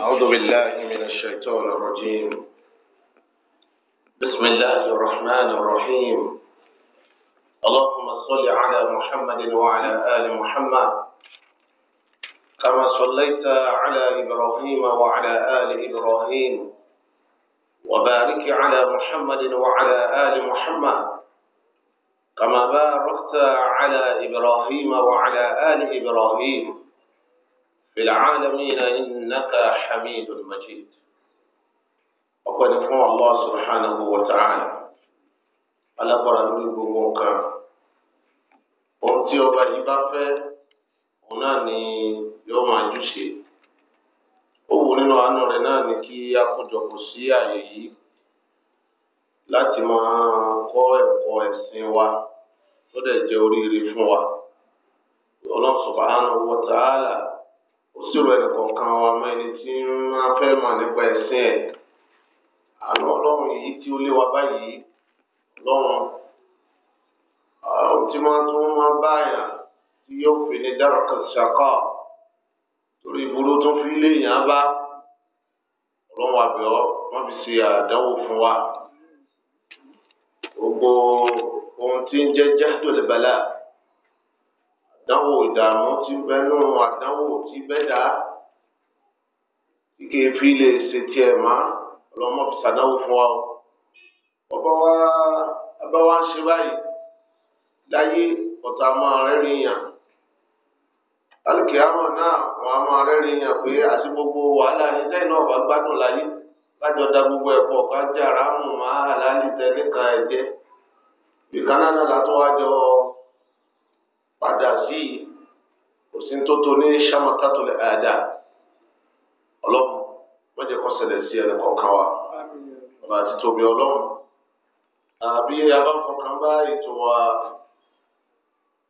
أعوذ بالله من الشيطان الرجيم بسم الله الرحمن الرحيم اللهم صل على محمد وعلى آل محمد كما صليت على إبراهيم وعلى آل إبراهيم وبارك على محمد وعلى آل محمد كما باركت على إبراهيم وعلى آل إبراهيم في العالمين إنك حميد مجيد وقد فوى الله سبحانه وتعالى على برنامج موقع ohun tí ọba yìí bá fẹ́ òun náà ni yóò máa júṣe ó ni kí yìí láti máa kọ́ ẹ̀kọ́ wa tó oríire fún wa sírò ẹnì kọ̀ọ̀kan wa mọ ẹni tí máa fẹ́ mọ̀ nípa ẹ̀sìn ẹ̀ àlọ́ ọlọ́run yìí tí ó lé wa báyìí lọ́wọ́n tí wọ́n tún máa bá yàn tí yóò fi ní dárọ̀kọ̀ ṣàkọ́ torí ìbúrú tó fi lé yàn bá ọlọ́run àbẹ̀ọ́ wọ́n fi ṣe àdánwò fún wa gbogbo ohun tí ń jẹ́ jáde lè àdánwò ìdààmú tí ń bẹ nínú àdánwò tí bẹ́ dá kíkẹ́ fi lè ṣe tiẹ̀ má ọlọ́mọ fi ṣàdánwò fún wa o. ọba wa ọba wa ń ṣe báyìí láyé ọ̀tá máa rẹ́rìn yàn alùkìyàmọ̀ náà wọn a máa rẹ́rìn yàn pé àti gbogbo wàhálà yìí lẹ́yìn náà bá gbádùn láyé kájọ da gbogbo ẹ̀kọ́ kájà rámù máa hàlálì tẹ́lẹ̀ kan ẹ̀jẹ̀ ìkànnà náà látọ́ padà sí òsíntótó ní sàmàtàtò ní àdá ọlọ́run wọ́n jẹ́ kọ́sẹ̀lẹ̀ sí ẹni kọ̀ọ̀kan wa ọba àti tóbi ọlọ́run àbí abákankan bá ètò wa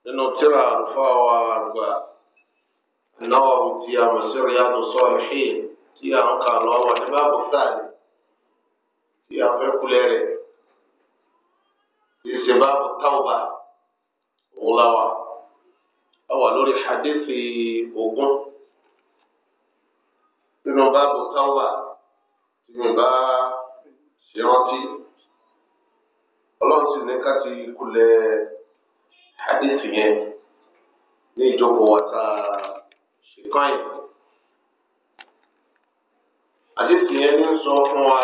nínú tíra àlùfáà wa àgbà náà ti àmọ̀sírí àdùsọ ìfín tí à ń kà lọ́wọ́ ní báàbò sáàlì tí a fẹ́ kulẹ̀ rẹ̀ tí ìṣe báàbò táwùbà òun láwàá ọwọ́ lórí hadithi ogún nínú báàbò táwà tí mi bá ṣe rántí ọlọ́run sì ní ká ti kulẹ̀ hadithi yẹn ní ìjókòó wa tá a hadithi yẹn ní sọ fún wa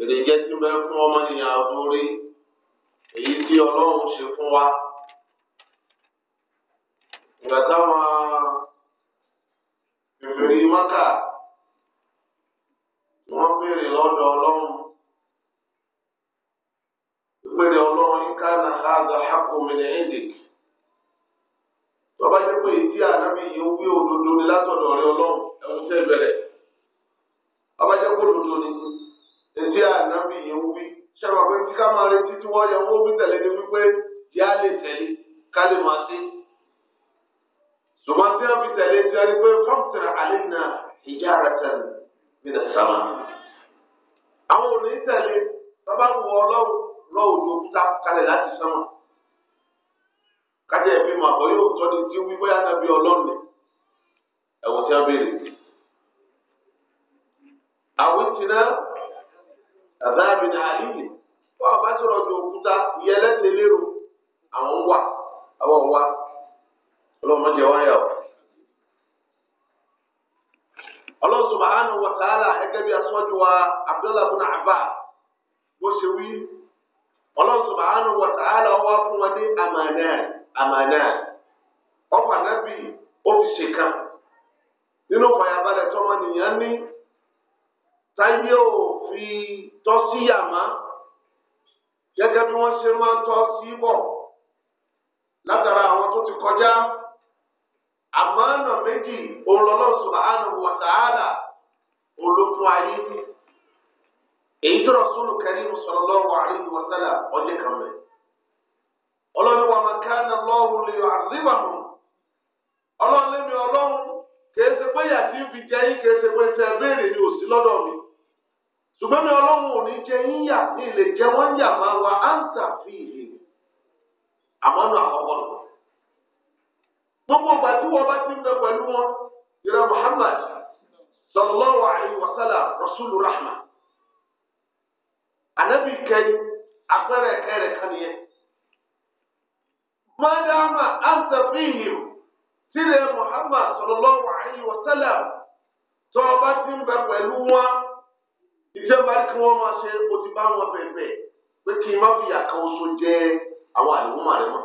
èrè jẹ́ tí bẹ́ẹ̀ fún ọmọ nìyàwó rí èyí tí ọlọ́run ṣe fún wa. ìgbà táwọn ìfèrí mọ́kà wọ́n béèrè lọ́dọ̀ ọlọ́run ìpèrè ọlọ́run ìka na àgbà hakomìnì ẹ̀dẹ̀ tọ́ba jẹ́ pé ìdí ànábì ni látọ̀dọ̀ ọ̀rẹ́ ọlọ́run ẹ̀wọ̀n tẹ́ ìbẹ̀rẹ̀ tọ́ba jẹ́ ni ìdí ànábì yìí ubi, ṣẹ́wọ̀n pé kí máa retí tí wọ́n yẹ wọ́n tẹ̀lé wípé tẹ̀lé máa sí. ṣùgbọ́n tí wọ́n fi tẹ̀lé tí wọ́n rí pé fọ́ǹtìrì àlìna hijaratan min as-sama. àwọn òní tẹ̀lé bàbá wọ ọlọ́run lọ òjò ta kalẹ̀ láti sánmà. kájẹ́ ìbí mọ̀ àbọ̀ yóò tọ́ ni tí wí bóyá náà bí ọlọ́run ni tí wọ́n béèrè. àwọn ìtìná àdáàbì ní àlìyé wọ́n bá sọ̀rọ̀ ju òkúta ìyẹlẹ́sẹ̀ lérò àwọn wà àwọn wà ọlọ́run jẹ wáyà o. Allah subhanahu wa ta'ala ẹgẹ́ bí aṣọ́jú wa Abdullah bin Abba. bó ṣe wí Allah subhanahu wa ta'ala wá fún wa ní àmàna àmàna ọkọ̀ ànábì ó fi ṣe kan nínú fàyàbalẹ̀ tọmọnìyàn ní táyé ò fi tọ́ sí yàmá gẹ́gẹ́ bí wọ́n ṣe máa tọ́ sí bọ̀ látara àwọn tó ti kọjá. àmọ́ ọ̀nà méjì Ọlọ́hun subhanahu wa ta'ala olókun ayé èyí tó Rasulu Karimu sallallahu alayhi wa sallam ọjọ́ kan rẹ̀ ọlọ́ni wa ma kana Allahu liyu'adhibahum ọlọ́ni mi ọlọ́run kìí ṣe pé yàtí ń fi jẹ yín kìí ṣe pé ṣe béèrè ni ò lọ́dọ̀ mi ṣùgbọ́n mi ọlọ́run ò ní yín yà ní ilé wọ́n yà máa gbogbo ọgbà tí wọ́n bá ti ń bẹ pẹ̀lú wọn ìrẹ Muhammad sallallahu alayhi wa sallam rasulu rahma anabi kẹyìn àpẹẹrẹ kẹrẹ kan nìyẹn madama anta fihim Muhammad sallallahu alayhi wa sallam tó ọba ti ń bẹ pẹ̀lú wọn ìjọba kí wọ́n máa ṣe o ti bá wọn bẹ̀bẹ̀ pé kí n má fi àkàwọ́sọ jẹ àwọn àlùmọ́ rẹ̀ mọ́.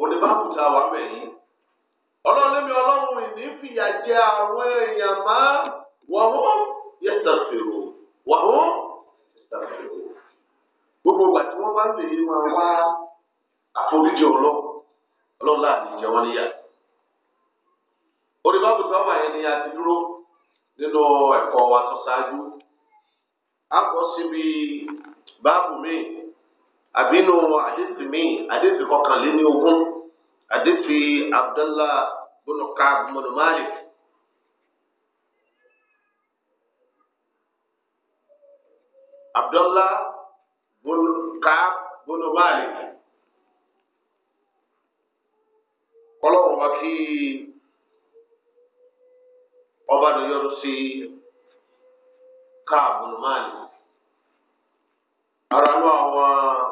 òní bá kù tá a wà mẹ́yìn. ọlọ́run lẹ́mi ọlọ́run ìní fìyà jẹ àwọn èèyàn má wọ́n yẹ tàfèrò wọ́n tàfèrò. gbogbo ìgbà tí wọ́n bá lè máa wá àforíjì ọlọ́run ọlọ́run láàánú jẹ wọ́n níyà. òní bá kù tá a wà yẹn ni a ti dúró nínú ẹ̀kọ́ wa tó ṣáájú. a kọ́ síbi báàbù míì àbínú àdéhùn míì àdéhùn kọkànléní ogún àdéhùn abdallah bùnùkà bùnùmáàlì. abdallah bùnùkà bùnùmáàlì. ọlọ́run wa kí ọba ló yọrù sí káàbùnùmáàlì. ara ló àwọn.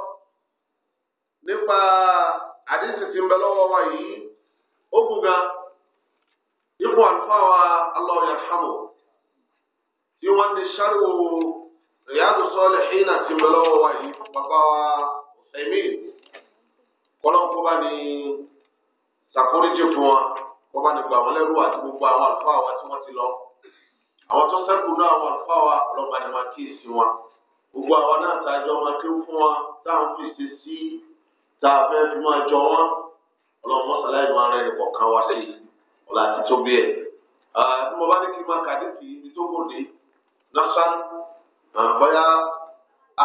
nípa àdísì tí ń bẹ lọ́wọ́ wa yìí ó buga ipò àlùfáà wa Allahu tí wọ́n ti ṣàrò Riyadu Salihin tí ń bẹ lọ́wọ́ wa yìí bàbá ni ṣàforíjì fún wa kọ́ba ni gbà wọ́n àti gbogbo àwọn àlùfáà wa tí wọ́n ti lọ àwọn tó sẹ́kù náà àwọn àlùfáà wa ọlọ́ba ni wọ́n kíyèsí wọn gbogbo àwọn náà tá a jọ máa kéwú fún wa táwọn sí. tá a fẹ́ fi máa jọ wọ́n ọlọ́run mọ́sálá yìí máa rẹ̀ nìkan kan wá sí i ọ̀la àti tó bí ẹ̀. bí mo bá ní kí n máa kàdé kì í ní tó gòdè násán bóyá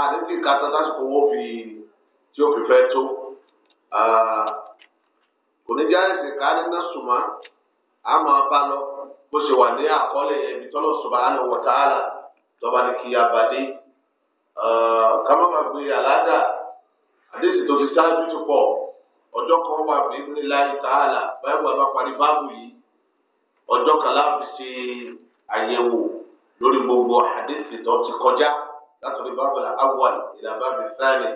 àdéhùn ìkàtà lásìkò owó fi tí ó fi fẹ́ tó kò ní jẹ́ àìsàn ká ní násùmá a máa bá lọ bó ṣe wà ní àkọọ́lẹ̀ ẹ̀mí tọ́lọ̀ subhanahu wa ta'ala tọ́ba ní kí a ká má má gbé aládàá àdéhùn tó fi sáájú tó pọ̀ ọjọ́ kan wà nínú láì tààlà báyìí wà bá parí báàbù yìí ọjọ́ kan láàbì ṣe àyẹ̀wò lórí gbogbo àdéhùn tó ti kọjá látọ̀rí báàbù là áwà ìlànà mi sáré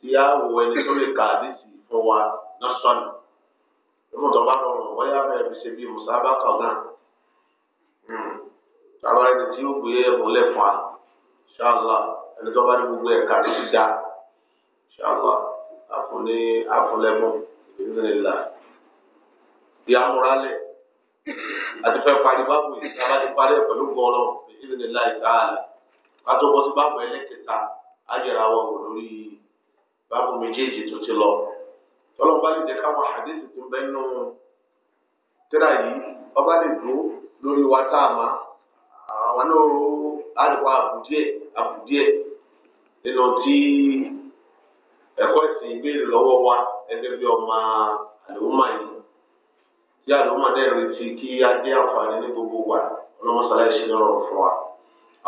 tí a wò ẹni tó lè ka àdéhùn fún wa lọ́sọ̀nù lọ́mọ tó bá rọrùn wáyà bẹ́ẹ̀ fi ṣe bí mùsàlá kan náà hmm. àwọn ẹni tí ó gbé ẹ̀mọ́lẹ̀ fún wa ṣáàlà ẹni tó bá ní gbogbo ẹ̀ka tó ṣàlọ́ àfúnni àfúnlẹ́mú ìdílélà ti amúralẹ̀ àti fẹ́ parí báàbò yìí tí a bá ti parí ẹ̀ pẹ̀lú gbọ́ọ̀rọ̀ ìdílélà ìtaàlà pàtó bọ́ sí báàbò ẹlẹ́kẹta ayẹra wọn wò lórí báàbò méjèèjì tó ti lọ tọ́lọ́mù bá lè jẹ́ káwọn àdéhùn tó ń bẹ́ nù tíra yìí ọba lè dúró lórí wa tá a máa àwọn náà á lè wá àbùdíẹ̀ àbùdíẹ̀ nínú tí ẹ̀kọ́ ìsìn ìbéèrè lọ́wọ́ wa gẹ́gẹ́ bí ọmọ àlùmọ yìí tí àlùmọ náà retí kí á dé àǹfààní ní gbogbo wa ọlọmọsálá ìṣe náà rọrùn fún wa.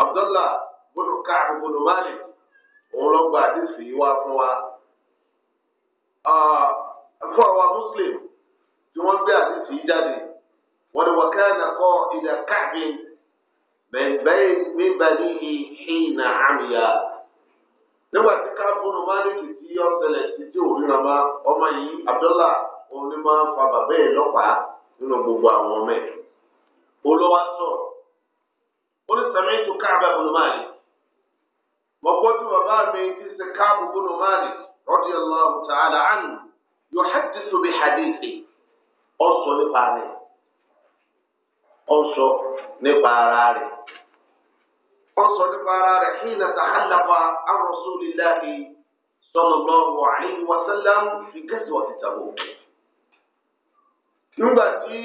Abdullah bùnú káàbù bùnú máàlì òun ló gba àdìsí wá fún wa. fún àwa muslim tí wọ́n gbé àdìsí jáde wọ́n ní wàkánà kọ́ ìdá káàbì mẹ́bẹ́ẹ́ mi bani hìnà àmìyá. nígbà tí káàbùnù máàlìkì tí ihe ṣẹlẹ̀ sí tí òun ríra má ọmọ yìí abdullah òun ni máa ń fa bàbá lọ́pàá nínú gbogbo àwọn ọmọ ẹ̀ olówó sọ̀rọ̀ ó ní sẹ́mi tó káàbà bùnú máàlì mọ̀gbọ́dún bàbá mi ti ṣe káàbù hadithi ọ̀sọ̀ nípa rẹ̀ ọsọ nípa ara rẹ̀ hìnà tàhálàfà sallallahu alaihi wasallam fi gẹ́sùwà ti tàbó. nígbà tí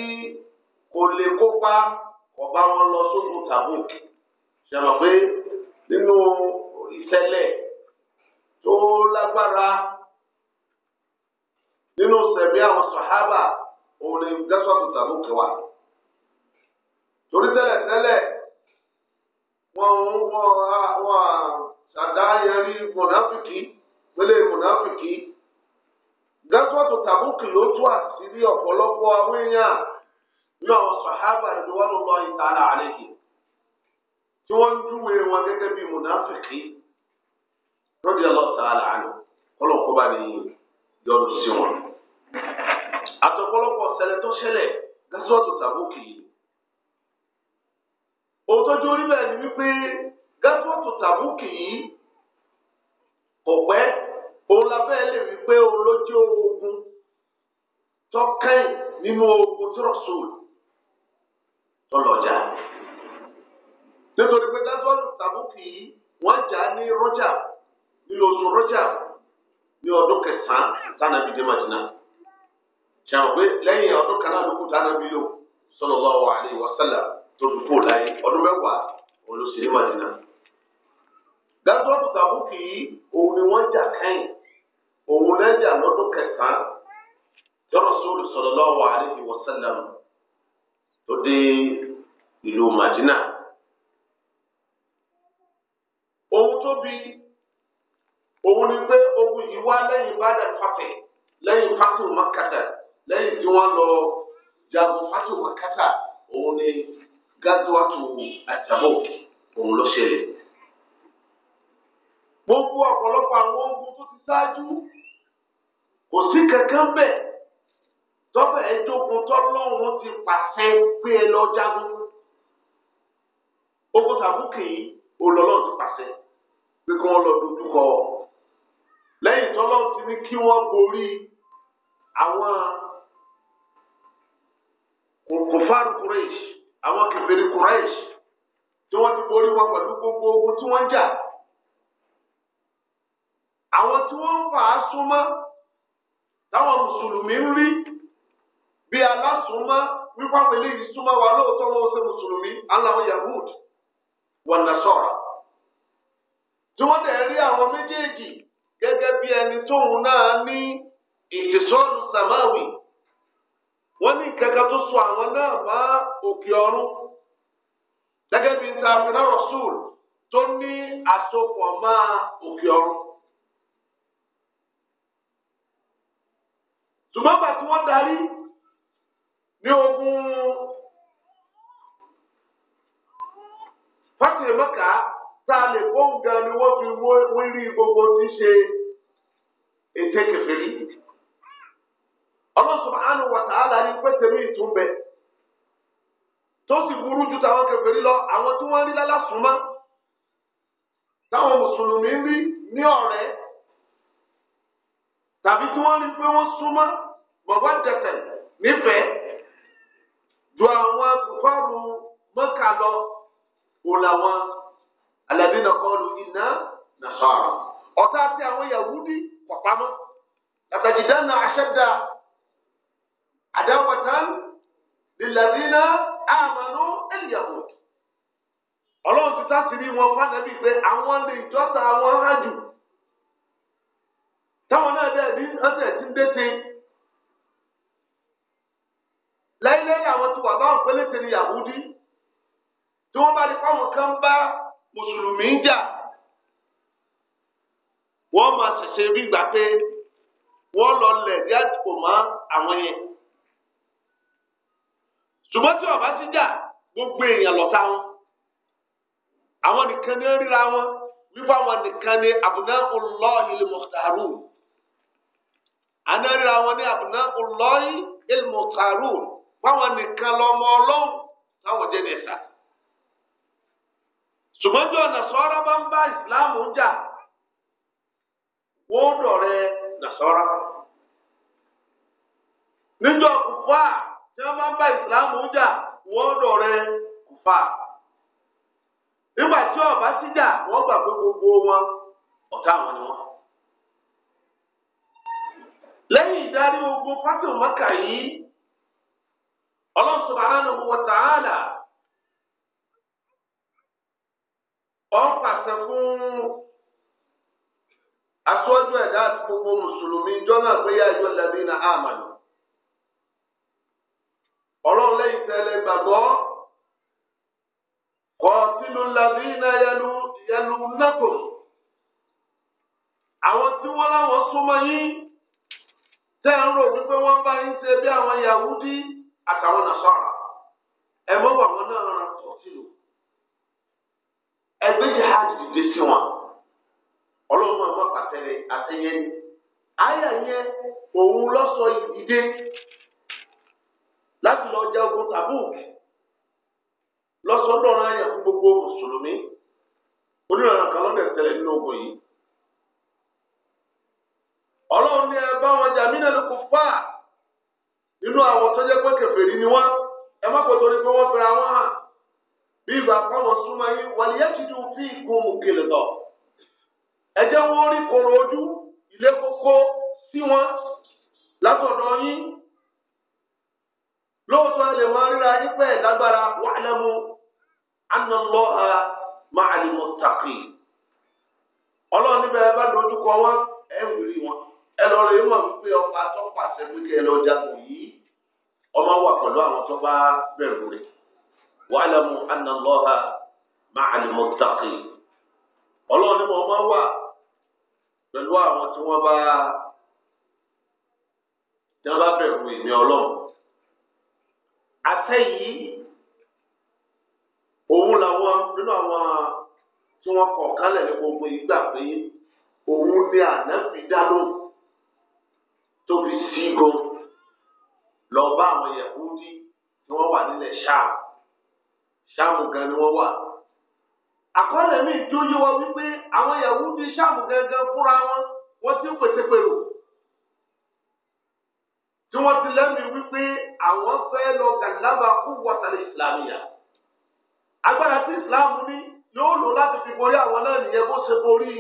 kò lè kópa ọba wọn lọ sókun tàbó ṣàmọ̀ pé nínú ìṣẹ̀lẹ̀ tó lágbára nínú sẹ̀mí àwọn sàhábà òun ni gẹ́sùwà ti kẹwàá. wọn wọn wọn ṣàdáyẹrí mọ̀náfìkì pélé mọ̀náfìkì gẹ́tọ́tù tàbùkì ló tú àṣírí ọ̀pọ̀lọpọ̀ àwọn èèyàn náà sàhábà ìdíwọ́nù lọ ìtara àlejò tí wọ́n ń júwe wọn gẹ́gẹ́ bí mọ̀náfìkì lóde ọlọ́ta làánù kọ́lọ́kọ́ bá ní yọrù sí wọn. àtọ̀pọ̀lọpọ̀ ṣẹlẹ̀ tó ṣẹlẹ̀ gẹ́tọ́tù tàbùkì yìí. ohun orílẹ̀ jó ni wípé gásíwọ́tò tàbúkì yìí kò pẹ́ òun la lè rí pé òun ló jẹ́ ogun tọ́kẹ́yìn nínú ogun tírọ̀sùn tọ́lọ̀jà nítorí pé gásíwọ́tò tàbúkì yìí wọ́n jà ní rọ́jà nínú oṣù rọ́jà ní ọdún kẹsàn-án tánàbí dé Madina ṣàwọn pé lẹ́yìn ọdún tó fi kúrò ọdún mẹ́wàá òun gàdúrà yìí òun ni wọ́n jà kẹ́yìn òun náà jà lọ́dún kẹsàn-án jọ́rọ̀ sóòlù sallallahu alaihi wasallam tó dé ìlú Màdínà. òun tóbi òun ni pé ogun yìí wá lẹ́yìn bàdà gàdúwàtò àtàbò òun ló ṣẹlẹ̀. gbogbo ọ̀pọ̀lọpọ̀ àwọn ogun tó ti ṣáájú kò sí kankan bẹ́ẹ̀ tọ́pẹ̀ ẹ̀dógún tọ́lọ́run ti pàṣẹ pé ẹ lọ jagun. ogun tàbùkì yìí olọ́lọ́ ti pàṣẹ pé kí wọ́n lọ dojúkọ lẹ́yìn tọ́lọ́ ti ní kí wọ́n borí àwọn kòkòfàrú kúrẹ́ẹ̀sì àwọn kèfèrí Quraish tí wọ́n ti borí wọn pẹ̀lú gbogbo ogun tí wọ́n ń jà àwọn tí wọ́n ń fà á súnmọ́ táwọn mùsùlùmí ń rí bí alásùnmọ́ wípé àwọn eléyìí súnmọ́ wa lóòótọ́ wọn ó ṣe mùsùlùmí aláwọ̀ yahud wọn nà sọ̀rọ̀ tí wọ́n dẹ̀ rí àwọn méjèèjì gẹ́gẹ́ bí ẹni tóun náà ní ìtìsọ́nù sàmáwì wọ́n ní kankan tó so àwọn náà má òkè ọ̀run gẹ́gẹ́ bíi ta fúnà rasul tó ní àsopọ̀ má òkè ọ̀run. tùmọ́gbà tí wọ́n darí ní ogun fásitì mẹ́ka tá a lè fóun gan ni wọ́n fi wírí gbogbo tí ṣe ètè kẹfẹ́ rí. Allah subhanahu wa ta'ala ní pẹ́sẹ̀ mí tún bẹ tó sì burú ju tàwọn kèfèrí lọ àwọn tí wọ́n rí lálásùnmọ́ táwọn mùsùlùmí ń rí ní ọ̀rẹ́ tàbí tí wọ́n rí pé wọ́n súnmọ́ bọ̀bọ̀ dẹ̀tẹ̀ nífẹ̀ẹ́ ju àwọn kùfọ́ọ̀rù Mẹ́kà lọ kò làwọn alẹ́bínà kọlu iná nàṣọ́ọ̀rọ̀ ọ̀tá àti àwọn Yahudi pàpamọ́ àtàjìdá náà aṣẹ́dá àdáwọ̀tán lìlàdínà àmàlú ẹ̀yàwó. ọlọ́run ti tásìrí wọn fánàbí pé àwọn lè jọ́ta wọn hàn jù. táwọn náà dẹ̀ ní ọ̀sẹ̀ tí ń dẹ́tẹ̀. láíláí àwọn ti wà báwọn péléte ní yahudi tí wọ́n bá rí fáwọn kan bá mùsùlùmí jà wọ́n máa ṣẹ̀ṣẹ̀ bí gbà pé lọ lẹ̀ díẹ̀ kò mọ́ àwọn yẹn. ṣùgbọ́n tí ọba ti jà gbogbo èèyàn lọ́tà wọn àwọn nìkan ní ríra wọn wípé àwọn nìkan ní àbùná ọlọ́ọ̀yì ilmọ̀tàrù àná ríra wọn ní àbùná ọlọ́ọ̀yì ilmọ̀tàrù fáwọn nìkan lọ́mọ ọlọ́run táwọn jẹ́ nìta ṣùgbọ́n tí ọ̀nà bá ń bá ìsìláàmù jà wọ́n dọ̀rẹ́ nàṣọ́ra níjọ́ tí wọ́n bá ń bá ìsìláàmù jà wọ́n dọ̀rẹ́ kùfà nígbà tí ọba síjà wọ́n gbà pé gbogbo wọn ọ̀tá wọn ni wọ́n. lẹ́yìn ìdarí ogun fátìmù mọ́kà yìí ọlọ́run subhanahu wa ta'ala ọ̀n pàṣẹ fún aṣọ́jú ẹ̀dá àti gbogbo mùsùlùmí jọ́nà pé ọlọ́run lẹ́yìn tẹ́lẹ̀ gbàgbọ́ kọ́ sínú ladina yẹlu yẹlu nàkò àwọn tí wọ́n láwọn súnmọ́ yín tẹ́ ń rò wípé wọ́n bá yín ṣe bí àwọn Yahudi àtàwọn Nasara ẹ mọ́ wà wọ́n náà ẹgbẹ́ yìí há dìde sí wọn ọlọ́run yẹn òun láti lọ jẹ ogun Tabuk lọsọdọrọ ọ̀rọ̀ ayẹ̀ fún gbogbo mùsùlùmí onírànà kan lọ́dẹ̀ tẹ̀lé nínú ogun yìí. ọlọ́run ní ẹ wọn jà mí kò fà nínú àwọn tó jẹ́ pé ni wọ́n ẹ má kò torí pé wọ́n fẹ́ra wọn hàn bí ìgbà pọ́nlọ́ súnmọ́ yín fi lóòótọ́ lè wọ́n ríra yín pẹ́ lágbára wa'lamu anna Allaha ma'al muttaqin ọlọ́run níbẹ̀ bá dojú kọ wọn ẹ ń wọn ẹ lọ rẹ wọn wípé ọba tó pàṣẹ ẹ lọ yìí ọmọ wà pẹ̀lú àwọn bẹ̀rù rẹ̀ ọlọ́run níbẹ̀ ọmọ wà pẹ̀lú àtẹ yìí òun làwọn nínú àwọn tí wọ́n kọ̀ kálẹ̀ ní gbogbo ìgbà pé òun ni ànábì dánú tóbi sígo lọ bá àwọn yẹ̀húdí tí wọ́n wà nílẹ̀ ṣáà ṣáàmù gan ni wọ́n wà àkọọ́lẹ̀ mi jóyó wa wípé àwọn yẹ̀húdí ṣáàmù gangan fúnra wọn wọ́n ti ń pèsè pèrò tí wọ́n ti lẹ́mìí wípé àwọn fẹ́ lọ gàlábà kú wọ́tàlẹ̀ ìsìlámìyà agbára tí ìsìlámù ní yóò lò láti fi borí àwọn náà nìyẹn bó ṣe borí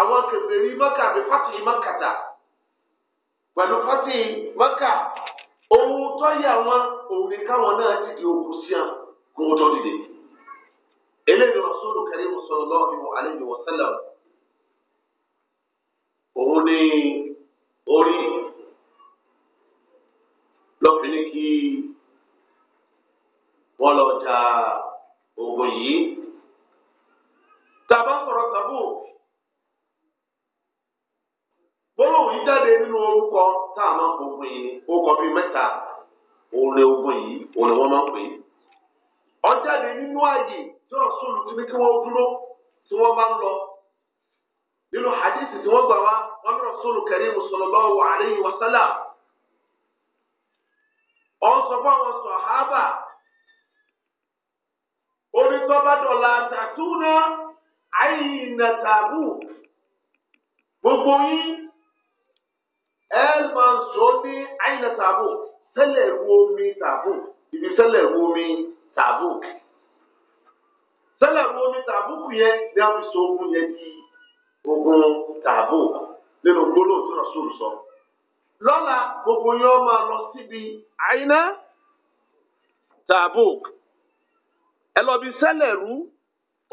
àwọn kèfèrí mọ́kà àbí fásitì mọ́kàtà pẹ̀lú fásitì mọ́kà ohun tó yẹ àwọn òun ní káwọn náà ti di òkú sí à kó wọ́n tó dìde eléyìí rasúlù karimu sallallahu alaihi wa sallam òun ní orí. lọ́fin kí wọ́n lọ ja ogun yìí. Tàbá sọ̀rọ̀ tàbú. Gbólóhùn yìí jáde nínú orúkọ tá a máa k'o yìí Orúkọ bíi mẹ́ta òun ogun yìí òun ni wọ́n máa ń pè é. Ó jáde nínú ààyè tí wọ́n sọ̀rọ̀ tí kí wọ́n dúró tí wọ́n bá ń lọ. Nínú tí wọ́n gbà wá, wọ́n wa ọ̀n sọ fún àwọn sọ̀hábà onítọ́bádọ́là tàtúnà àyìnà tàbú gbogbo yín ẹ̀ẹ́dmọ̀nsó ní àyìnà tàbú tẹ́lẹ̀ ru omi tàbú ibi tẹ́lẹ̀ ru omi tàbú tẹ́lẹ̀ ru omi tàbú kù yẹn ní àwọn ìṣòwò yẹn di ogun tàbú nínú gbólóhùn tí wọ́n sọ̀rọ̀ sọ̀rọ̀ lọ́la gbogbo yẹn máa lọ síbi àyínà Tabuk ẹ lọ bí sẹ́lẹ̀rú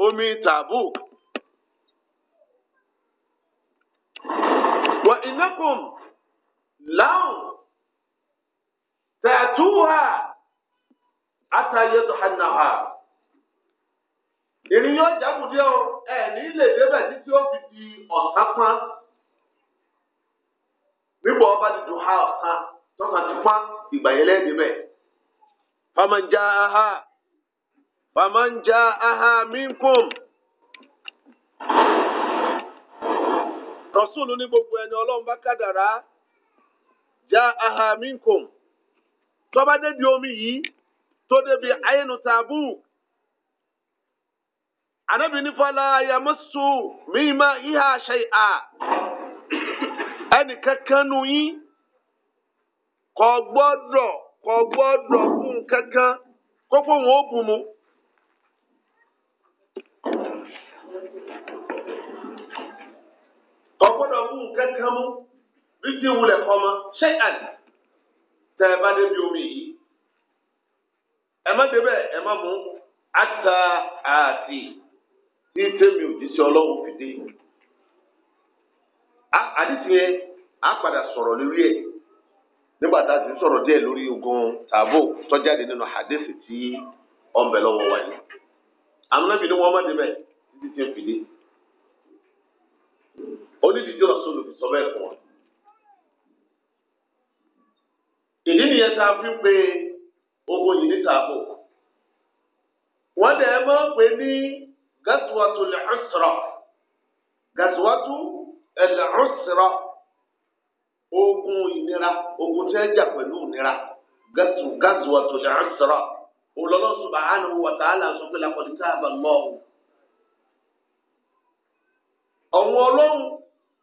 omi Tabuk. wà ìnákùn láwùn tẹ̀túwà àtàyẹ̀tò hànàhà. ìrìn yóò jágùdé ọ ẹ̀ ní ilé ìdébẹ̀ títí ó fi di ọ̀sán pọ́n. nígbà ọba ti dùn ha ọ̀sán tọ́ka ti pa ìgbà yẹn lẹ́yìn mẹ́. famanja aha famanja aha minkum. rọ̀súlù ní gbogbo ẹni ọlọmba bá kádàrá já aha minkum. debi débi omi yìí tó débi ayélu tààbù. anábì nífọ̀lá yamusu mímá ìhà ṣe à. ẹnìkankan nu yín kò gbọ́dọ̀ kò gbọ́dọ̀ fún kankan kó wọn ó bù mu. kò fún kankan ti wulẹ̀ kọ́ ma tẹ ẹ bá débi omi yìí ẹ má ẹ má mú ata àti tí fìdí. á padà sọ̀rọ̀ lórí ẹ̀ nígbà tá a ti ń sọ̀rọ̀ díẹ̀ lórí ogun tààbò tọ́jáde nínú hadith tí ọ̀nbẹ lọ́wọ́ wa yìí àmúnábì ni wọ́n má débẹ̀ títí tí ń fìdí onídìíjọ́ lọ́sọ̀lù fi sọ bẹ́ẹ̀ fún wọn. ìdí nìyẹn tá a fi pe ogun yìí ní tààbò wọ́n dẹ̀ máa ń pè ní gàtúwàtú lẹ́ọ̀sọ̀rọ̀ gàtúwàtú lẹ́ọ̀sọ̀rọ̀ ogun ìnira ogun tí ẹ jà pẹ̀lú ìnira gàtù gàtù àtòlẹ̀ àǹsọ̀rọ̀ Ọlọ́hun subhanahu wa ta'ala sọ pé laqad taba Allah. ọ̀hún ọlọ́run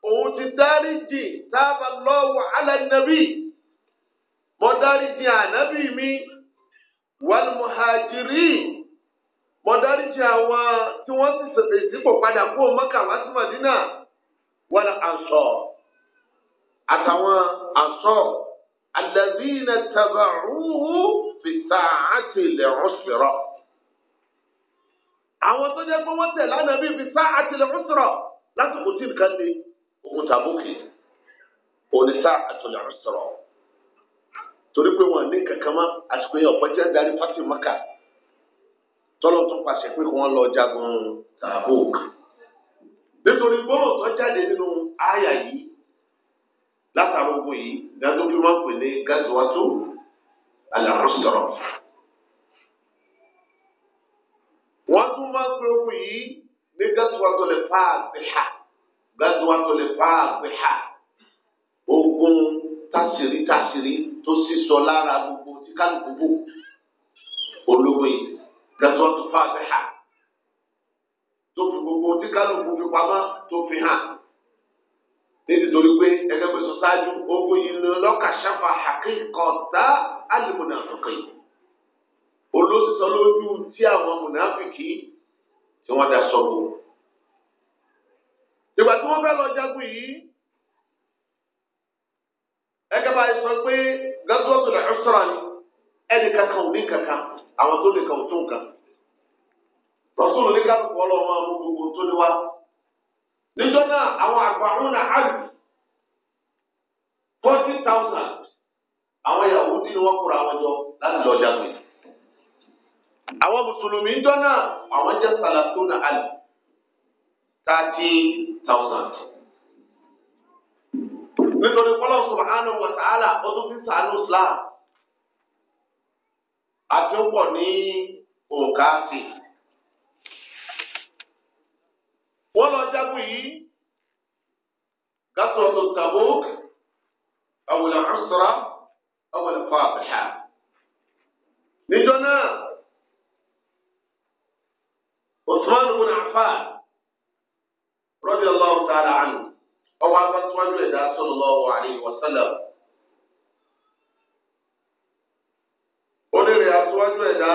òun ti dárí jì taba Allahu ala nabi mo dárí jì ànábì mi wal muhajirin mo dárí jì àwọn tí wọ́n sì ṣètò ìdìbò padà kó Mẹ́kà wá sí Mádínà wal ansar àtàwọn àṣọ alladhina taba'uhu fi sa'ati al-usra. àwọn tó jẹ́ pé wọ́n tẹ̀ lánàá bíi fi sa'ati al-usra lásìkò tí nǹkan ní ogun tàbókè òní sa'ati al-usra torí pé wọn ní kankan mọ́ àsìkò yẹn ọ̀pọ̀ jẹ́ darí fásitì mọ́kà tọ́lọ́ tó pàṣẹ pé kí wọ́n lọ jagun tàbókè nítorí gbọ́dọ̀ tó jáde nínú àyà yìí látara ogun yìí gàdó bí wọ́n pè ní gàdúwàtò alàrúsọ̀rọ̀. wọ́n tún máa ń pe ogun yìí ní gàdúwàtò lè fa àgbéha gàdúwàtò lè fa àgbéha ogun tàṣírí tàṣírí tó sísọ lára gbogbo tí kálukú bò olówó yìí gàdúwàtò fa àgbéha tó fi gbogbo tí kálukú fi pamọ́ tó fi hàn. nítorí pé ẹgbẹ́ pé sọ ṣáájú ogun yìí lọ lọ́kàṣáfà àkínkọ̀tà alìmùnàfíkì olóṣìṣọ́ lójú tí àwọn mùnàfíkì tí wọ́n da sọ́gbó. ìgbà tí wọ́n fẹ́ lọ jagun yìí ẹgbẹ́ bá sọ pé gàdúrà tó ṣọ́ra ni ẹnì kankan ò kankan àwọn tó lè kàn tó nǹkan. tọ́sùn ní kálukú ọlọ́run àwọn gbogbo tó ní wá. níjọ́ náà àwọn àgbàrún náà hajj thousand àwọn ìyàwó dín ní wọ́n kóra jọ láti lọ jagun àwọn mùsùlùmí jọ náà àwọn jẹ́ sàlàtò náà àlè thousand nítorí Ọlọ́hun subhanahu islam àti ó pọ̀ wọ́n lọ jagun yìí gàtọ̀ tó Tabuk awul Usra awul Fatiha níjọ náà Usman ibn Affan ta'ala ọwọ́ ẹ̀dá ẹ̀dá.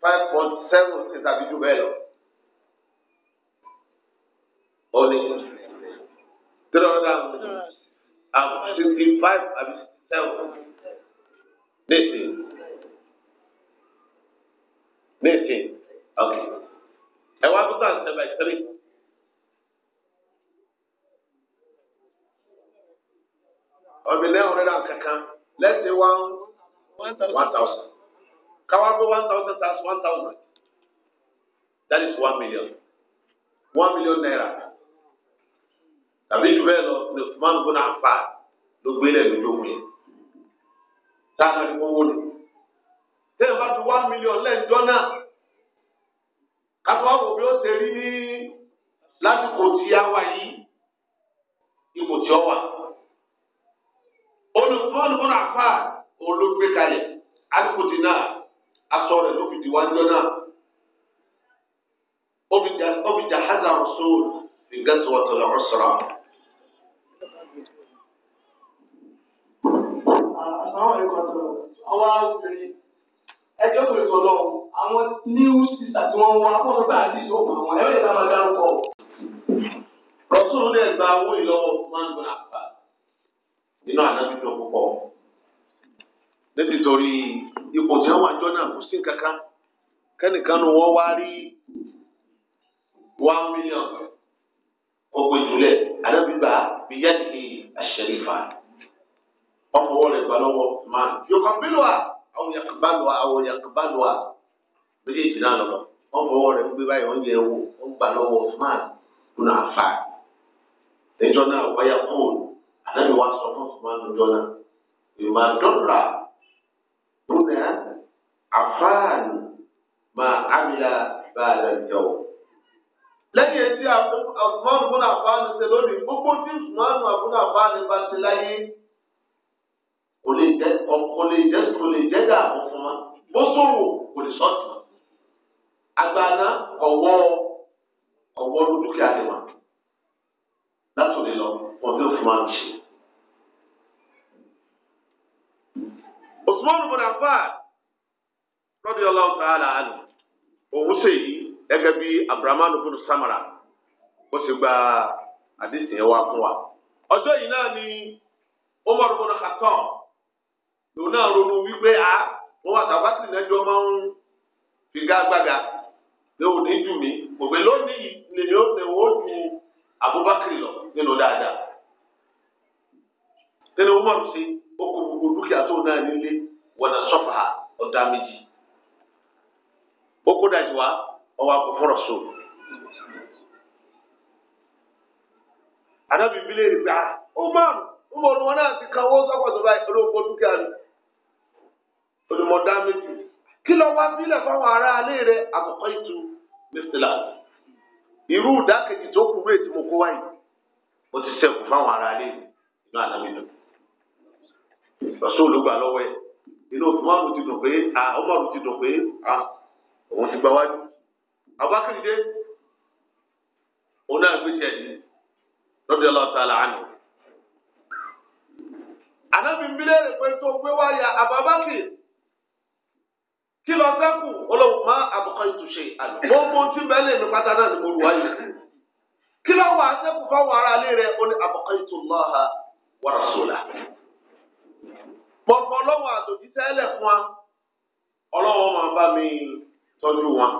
five point seven ti tàbí jù bẹ́ẹ̀ lọ. ó ní three hundred and sixty five àbí sixty seven nísìn nísìn ok ẹ wá tó tàn seven by three. ọ̀bìnrin ọ̀rẹ́dà kankan lẹ́sìn one one thousand káwá pé one thousand times one thousand that is one million one million naira tàbí jù bẹ́ẹ̀ lọ ní Usman bun Affan ló gbélé lójú òun yẹn táwọn ẹni wọ́n wò ní. tẹ́lẹ̀ bá ti one million lẹ́ẹ̀jọ́ náà káfíńwá wo bí ó ṣe rí ní lásìkò tí a wà yìí ipò tí ó wà. olùsùnmọ́nù bun Affan olùgbé kalẹ̀ àsìkò tí náà aṣọ rẹ̀ ló fi di wá jọ náà ó fi jà haza rasul fi gàtò wàtòlà ọ̀sọ̀rà. àwọn obìnrin ẹjọ́ tó lè sọ lọ àwọn new sister tí wọ́n wá fún ọgbà àti ìṣòwò àwọn ẹ̀rọ ìta máa dárúkọ. rasul lè gba owó ìlọ́wọ́ fún àgbọn àgbà nínú ànábìjọ púpọ̀ nítorí ipò tí wọn wà jọ náà kò sí kankan kẹ́nìkan nu wọ́n wá rí one million gbogbo ìjùlẹ̀ alábìgbà bíyẹ́tì àṣẹrífà ọmọwọ́ rẹ̀ gbà lọ́wọ́ máa yọkàn bílùwà àwọn yàtọ̀ bá lùwà àwọn yàtọ̀ bá lùwà méjèèjì náà lọ́wọ́ ọmọwọ́ rẹ̀ ń gbé báyìí oúnjẹ wò ó gbà lọ́wọ́ Usman kùnà àfà ẹjọ́ náà wáyà kóòlù àdáni sọ fún Usman lọ́jọ́ náà ìmọ̀ àdọ́rà. هنا عفان ما عمل بعد اليوم lẹ́yìn etí Usman fún àfáàní ṣe lónìí gbogbo tí Usman fún àfáàní bá ṣe láyé kò lè jẹ kò lè jẹ kò lè jẹ dààmú fún wa bó sòrò kò lè sọ́ọ̀tì wa agbana ọwọ́ ọwọ́ dúkìá ni wa látòlè wọn bí Usman ṣe. Usman bin Affan radiyallahu ta'ala anhu òun ṣe yìí gẹ́gẹ́ bí Abdurrahman bin Samara ó sì gba àdìsí ẹ̀ wá fún wa. ọjọ́ yìí náà ni Umar bin Khattab lòun náà ronú wípé a ah, wọn wà tàbá sì lẹ́jọ́ máa ń figagbága pé òun ní jù mí òwe lónìí lèmi ó lè wọ́n ju Abubakar lọ nínú dáadáa. tẹ́lẹ̀ Umar dúkìá tó náà nílé. wọ́n na sọ́fà ọ̀dà méjì ó kó wa ọwọ́ akọ̀fọ́rọ̀ so. Ànábì bílẹ̀ rẹ̀ gbà ó máa wọn náà ti báyìí dúkìá ni méjì kí lọ wá bílẹ̀ fáwọn ará alẹ́ àkọ́kọ́ ìtú irú ìdákejì tó tí mo kó wáyé mo ti inú òmùmọ́rù ti dùn pé òmùmọ́rù ti dùn pé òun ti gba wájú. Abubakar òun náà gbé tiẹ̀ yìí lọ́dọ̀ ẹ̀ lọ́ta là ń bilé pé tó gbé wáyà Abubakar kí lọ sẹ́kù má àbùkọ́ ìtúnṣe àná. Mo mọ bẹ́ẹ̀ lè mi pátá náà ni mo Kí ló wà fáwọn mo fọ ọlọ́wọ́ àtòjí fún wa ọlọ́wọ́ máa bá mi tọ́jú wọn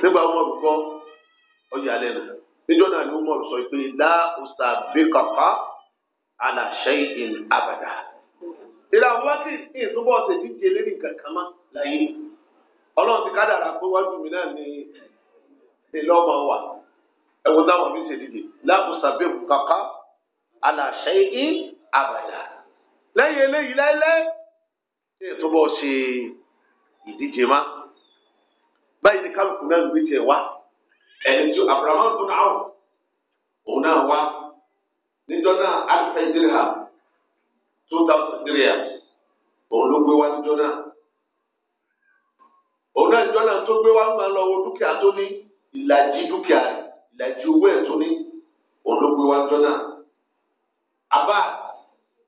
nígbà wọn gbọ́ ọjà lẹ́nu níjọ́ náà ni wọ́n sọ pé lá ọ̀sà bí kàkà àlàṣẹ ìhìn àbàdà ìlà wọn kì í túbọ̀ ọ̀sẹ̀ díje lérí kankan mọ́ láyé ọlọ́run ti kádàrà pé wájú mi náà ni ìlọ́mọ wà ẹ̀wọ̀n táwọn mi ṣe díje lá ọ̀sà bí kàkà àlàṣẹ ìhìn àbàdà lẹ́yìn eléyìí láéláé tí ètò bọ́ ṣe ìdíje má báyìí ni kálukú náà ń gbé tiẹ̀ wá ẹni tó abrahamu tó náà òun náà wá níjọ náà alifẹ dirha two thousand dirham òun ló gbé wá níjọ náà òun náà níjọ náà tó gbé wá máa lọ wo dúkìá tó ní ìlàjì dúkìá ìlàjì owó ẹ̀ tó ní òun ló gbé wá níjọ náà abáà.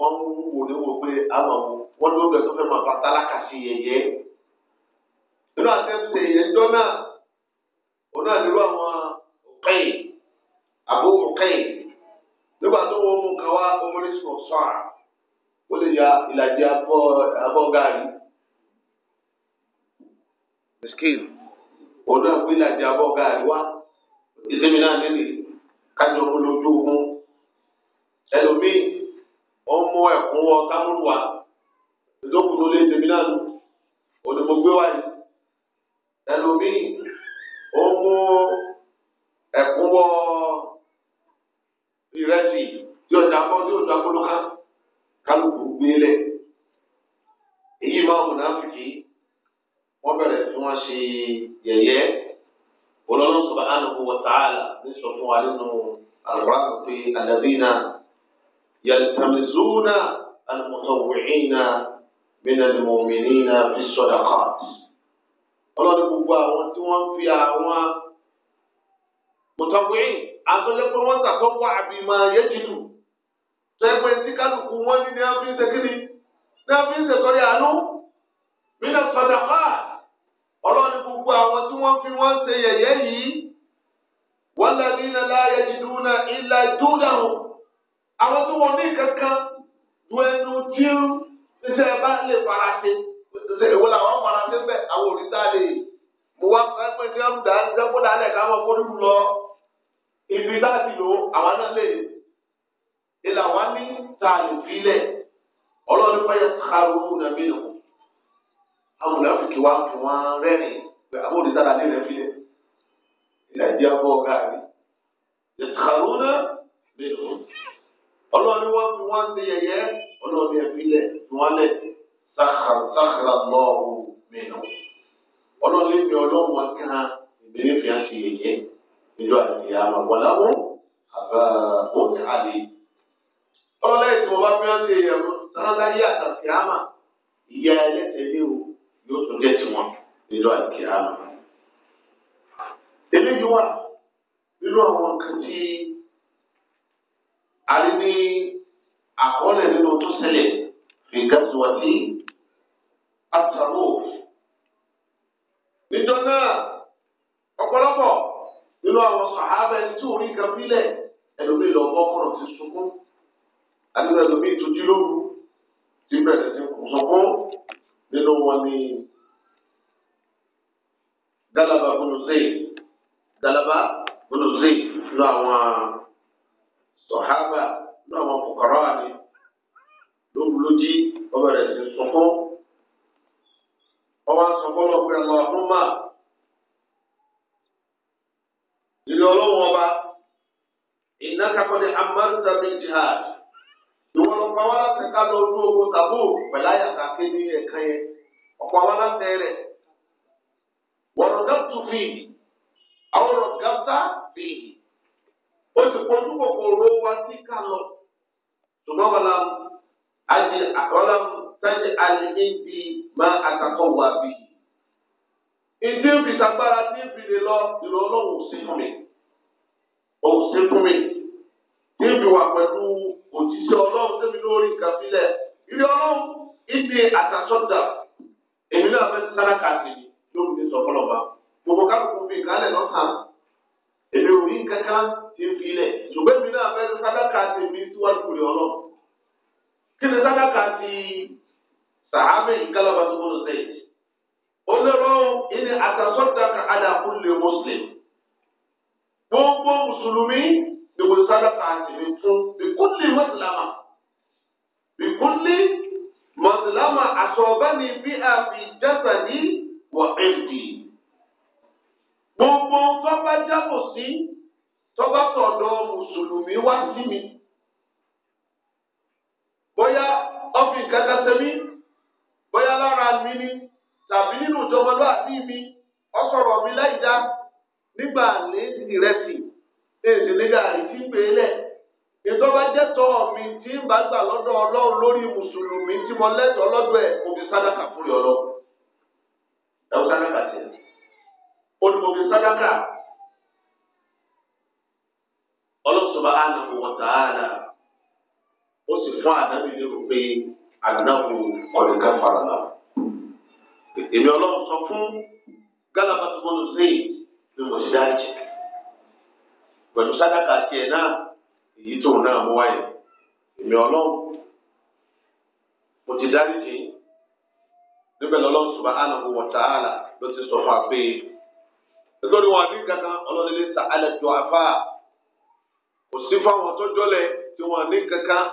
wọ́n ń wò ní wo pé àwọn wọ́n ló bẹ̀ tó fẹ́ máa bá tálákà sí yẹ̀yẹ́. nínú àtẹ̀sẹ̀ ẹ̀jọ́ náà òun náà nírú àwọn òkèyìn àbó òkèyìn nígbà tó wọ́n mú kan wá omorísun ọ̀sán à ó lè ya ìlàjì abọ́ abọ́ gààrí. miskin òun náà pé ìlàjì abọ́ gààrí wá ìsinmi náà nílì kájọ olójú ogun ẹlòmíì ọmọ ẹ̀kún wọ kámúrù wa ìdókùnú lé tèmi náà òdìbò gbé wá yìí ẹlòmíì ó mú ẹ̀kún wọ ìrẹsì tí ọjà kọ́ tí ọjà kọ́ ló ká kálukú gbé lẹ̀ èyí máa mú náfìkì wọ́n bẹ̀rẹ̀ tí wọ́n ṣe yẹ̀yẹ́ olólùfẹ́ subhanahu wa ta'ala ní sọ fún wa nínú àlùbáàkù pé àdàbí náà. يلتمسون المتطوعين من المؤمنين في الصدقات ọlọ́run gbogbo àwọn tí wọ́n ń fi àwọn mọ̀tọ́gbìn àtọ́jẹ́ pé wọ́n ṣàtọ́kọ̀ àbí máa yé jìnnù tẹ́gbẹ́ tí kálukú wọ́n ní ní wọ́n fi kíni ní wọ́n fi àánú nínú sọ̀dọ̀kọ́ ọlọ́run gbogbo àwọn tí wọ́n fi wọ́n ṣe yẹ̀yẹ́ yìí wọ́n lẹ́ni náà láyé jìnnú náà ilẹ̀ dúdàrún àwọn tó wọn ní kankan tó ẹnu tí ń ṣiṣẹ́ bá lè faraṣe ìwọ làwọn faraṣe bẹ́ẹ̀ àwọn òrìṣà lè mo wá pẹ́ tí wọ́n dá ẹgbẹ́ dálẹ̀ káwọn kó dúró lọ ibi láti lò àwọn náà lè ilà wá ní tààlù fílẹ̀ ọlọ́run pẹ́ yẹ kárò nàbí nù àwọn olùdáfikì wa fún wọn rẹ́rìn àwọn òrìṣà lálẹ́ rẹ̀ fílẹ̀ ìlàjì abọ́ ọ̀gá rẹ̀ yẹ kárò ọlọ́run ni wọ́n fi wọ́n ṣe yẹ̀yẹ́ ọlọ́run ni lọ́ọ̀rù mìíràn ọlọ́run lè fi ọlọ́run fi hàn àti àbá òkè àlè bá fi hàn mọ́ àtàkì àmà ìyá o yóò tún jẹ́ tiwọn àti eléyìí wà nínú àwọn kan àrí ní àkọọ́lẹ̀ nínú tó ṣẹlẹ̀ fi gàzùwàtì àtàrò. níjọ náà ọ̀pọ̀lọpọ̀ nínú àwọn sàhábà ẹni tí orí kan bílẹ̀ ẹlòmíì lọ bọ́ kọ̀rọ̀ ti sunkún àti ẹlòmíì tó jí lóru ti bẹ̀rẹ̀ sí kù sunkún nínú wọn ni galaba bunu zayi galaba bunu zayi nínú àwọn. sọ̀hábà náà wọn kọ̀kọ̀rọ̀ wà ní lóru ló jí ọba rẹ̀ sì sunkún. ọba sunkún pé ọlọ́ ọdún mà ìlú ọlọ́run ọba iná kakọ́ni amárúta bíi jihad ìwọ lọ pa láti ká lọ ojú ó ti kojú kòkòrò wa sí ká lọ ṣùgbọ́n wọn làm àjẹ àkọlà sájẹ àjẹ ìdí máa àtàkọ́ wà bí. ìdí ń fi sagbára ní ìbílẹ̀ lọ ìrọ̀lọ́ òun sí fún mi òun sí fún mi ní ìbí wà pẹ̀lú òjíṣẹ́ ọlọ́run lórí nǹkan sílẹ̀ ìrí ọlọ́run ìdí èmi náà fẹ́ sára kàtì lórí ní gbogbo káàkiri fi ìkálẹ̀ lọ́sàn-án èmi ò ní kankan ti fi ilẹ̀ ṣùgbọ́n èmi náà fẹ́ sádàkà ti mi síwájú rẹ̀ ọlọ́ kí ni sádàkà ti sàhábì ìkálàbà tó gbọdọ̀ sẹ́yìn olóró ìní àtàsọ́dàkà àdàkùn lè mùsùlùm gbogbo mùsùlùmí ìwé sádàkà ti mi fún ìkúnlẹ̀ mọ́sùlámà ìkúnlẹ̀ mọ́sùlámà àṣọ̀bẹ́ni bí a fi jásàdí wà ẹ̀dì. gbogbo tó bá jábọ̀ sí tó tọ̀dọ̀ mùsùlùmí wá sí mi bóyá ọ́fíì bóyá lára mi ni tàbí nínú ìjọmọlúwà sí mi ọ sọ̀rọ̀ mi láì nígbà lé ìrẹsì èdè nígbà rí gbélé ìjọba mi tí ń bá gbà lọ́dọ̀ ọlọ́run lórí mùsùlùmí tí mo olùmọ̀wé sádákà ọlọ́sọ̀bà ànàmù wọ̀tàálà ó sì fún ànábì lérò pé ànábù ọ̀dẹ̀ká farala. èmi ọlọ́run sọ fún gálàbà tó gbọ́dọ̀ sẹ́yìn ni mo ṣe dájì pẹ̀lú sádákà náà èyí tó náà mú wáyé èmi ọlọ́run mo ti níbẹ̀ ló ti sọ fún nítorí wọn àbí kankan ọlọ́lẹ́lẹ́ ta alẹ́ jọ afá kò sí fáwọn tó jọlẹ̀ tí wọn ní kankan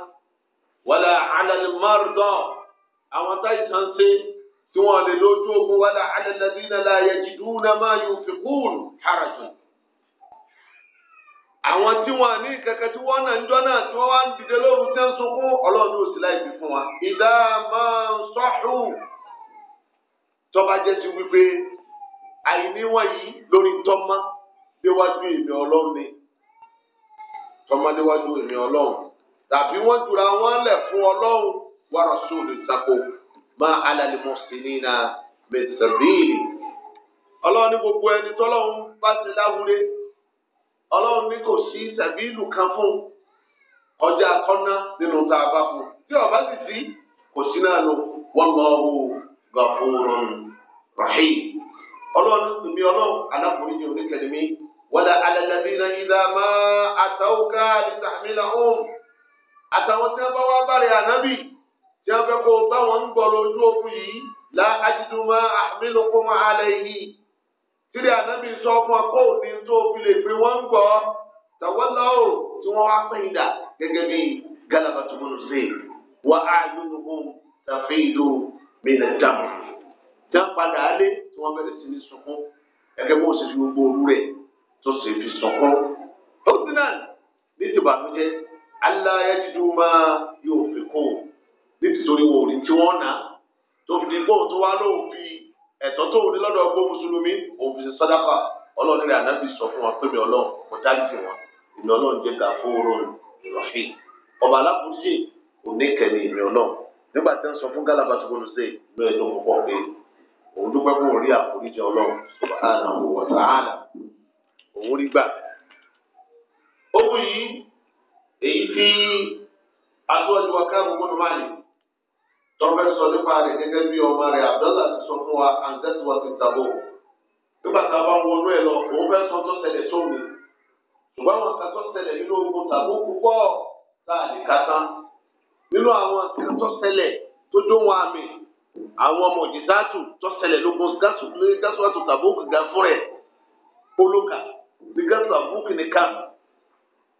wàlà alẹ́ márùndọ̀ àwọn táyì sàn ṣe tí wọn lè lójú ogun wàlà alẹ́ ladina la yajiduna ma yunfiqun harajun. àwọn tí wọn ní kankan tí wọn náà ń jọ náà tí wọn wá ń dìde lóru tẹ́ ń sunkún ọlọ́run ò sí láì fi fún wa. ìdá máa ń sọ́hùn tọ́ba jẹ́ ti wípé àìníwọ̀n yìí lórí tọ́mọ́ déwájú èmi ọlọ́run ni tọ́mọ́ déwájú èmi ọlọ́run tàbí wọ́n jura wọ́n lẹ̀ fún ọlọ́run wa rasulu tako ma ala al muhsinina min sabili ọlọ́run ní gbogbo ẹni tọ́lọ́run bá ti láwúre ọlọ́run ní kò sí sàbílù kan fún ọjà kọ́ná nínú tá a bá fún bí ọba sì sí kò sí náà lò wallahu ghafurun rahim ọlọ́run tèmi ọlọ́run aláforíjì oníkẹlẹ̀ mi wọlé alẹ́lẹ́bí náà ìdá máa àtàwùká àdìsàmílà òun àtàwọn tí wọ́n bá wá bàrẹ̀ ànábì tí wọ́n fẹ́ kó bá wọn ń gbọ́ lójú ogun yìí la ajídùmá àmìlùkùn alẹ́ yìí tíri ànábì sọ fún ọ ní tó fi lè pé wọ́n ń gbọ́ tàwọ́lá ò tí wọ́n wá pín ìdá gẹ́gẹ́ bí galaba wà á yún un mí tí wọ́n padà alé tí wọ́n bẹ̀rẹ̀ sí ní sunkún ẹgbẹ́ bó ṣe fi gbogbo olú rẹ̀ tó ṣe fi sunkún. Osnan ní tìbànújẹ́ aláyájú máa yóò fi kó o nítorí wọn ò ní tí wọ́n nà tó fi di pé òun tó wá lóun fi ẹ̀tọ́ tó ní lọ́dọ̀ ọgbọ́n mùsùlùmí òun fi ṣe sàdákà ọlọ́run rẹ̀ ànábì sọ fún wọn pé mi ọlọ́run kò dájú wọn ìmì ọlọ́run jẹ́ ká fóró ìrọ̀fì ọba alákòóso oníkẹ́ni ìmì ọlọ́run nígbà tí wọ́n sọ fún gálábà tó gbọ́dọ̀ sí ìlú ẹ̀dùn púpọ̀ pé òun dúpẹ́ kó rí àforíjì ọlọ́run subhanahu wa ta'ala òun rí gbà. ogun yìí èyí tí aṣọ́jú akáàbò gbọ́dọ̀ máa yìí tọ́fẹ́ sọ nípa rẹ̀ gẹ́gẹ́ bí ọmọ rẹ̀ abdullah ti sọ fún wa àǹtẹ̀síwá ti tàbó nígbà tá a bá wọnú ẹ lọ òun fẹ́ sọ tó ṣẹlẹ̀ sómi ṣùgbọ́n àwọn kan tó ṣẹlẹ̀ nínú ogun tàbó púpọ̀ tá a lè ká tán nínú àwọn kan tó ṣẹlẹ̀ tó dóhun àmì àwọn ọmọ òjìzáàtù tó ṣẹlẹ̀ lógun gáàsù lé gáàsù àtò tàbókù ga fún olóka ní gáàsù àbúkù nìkan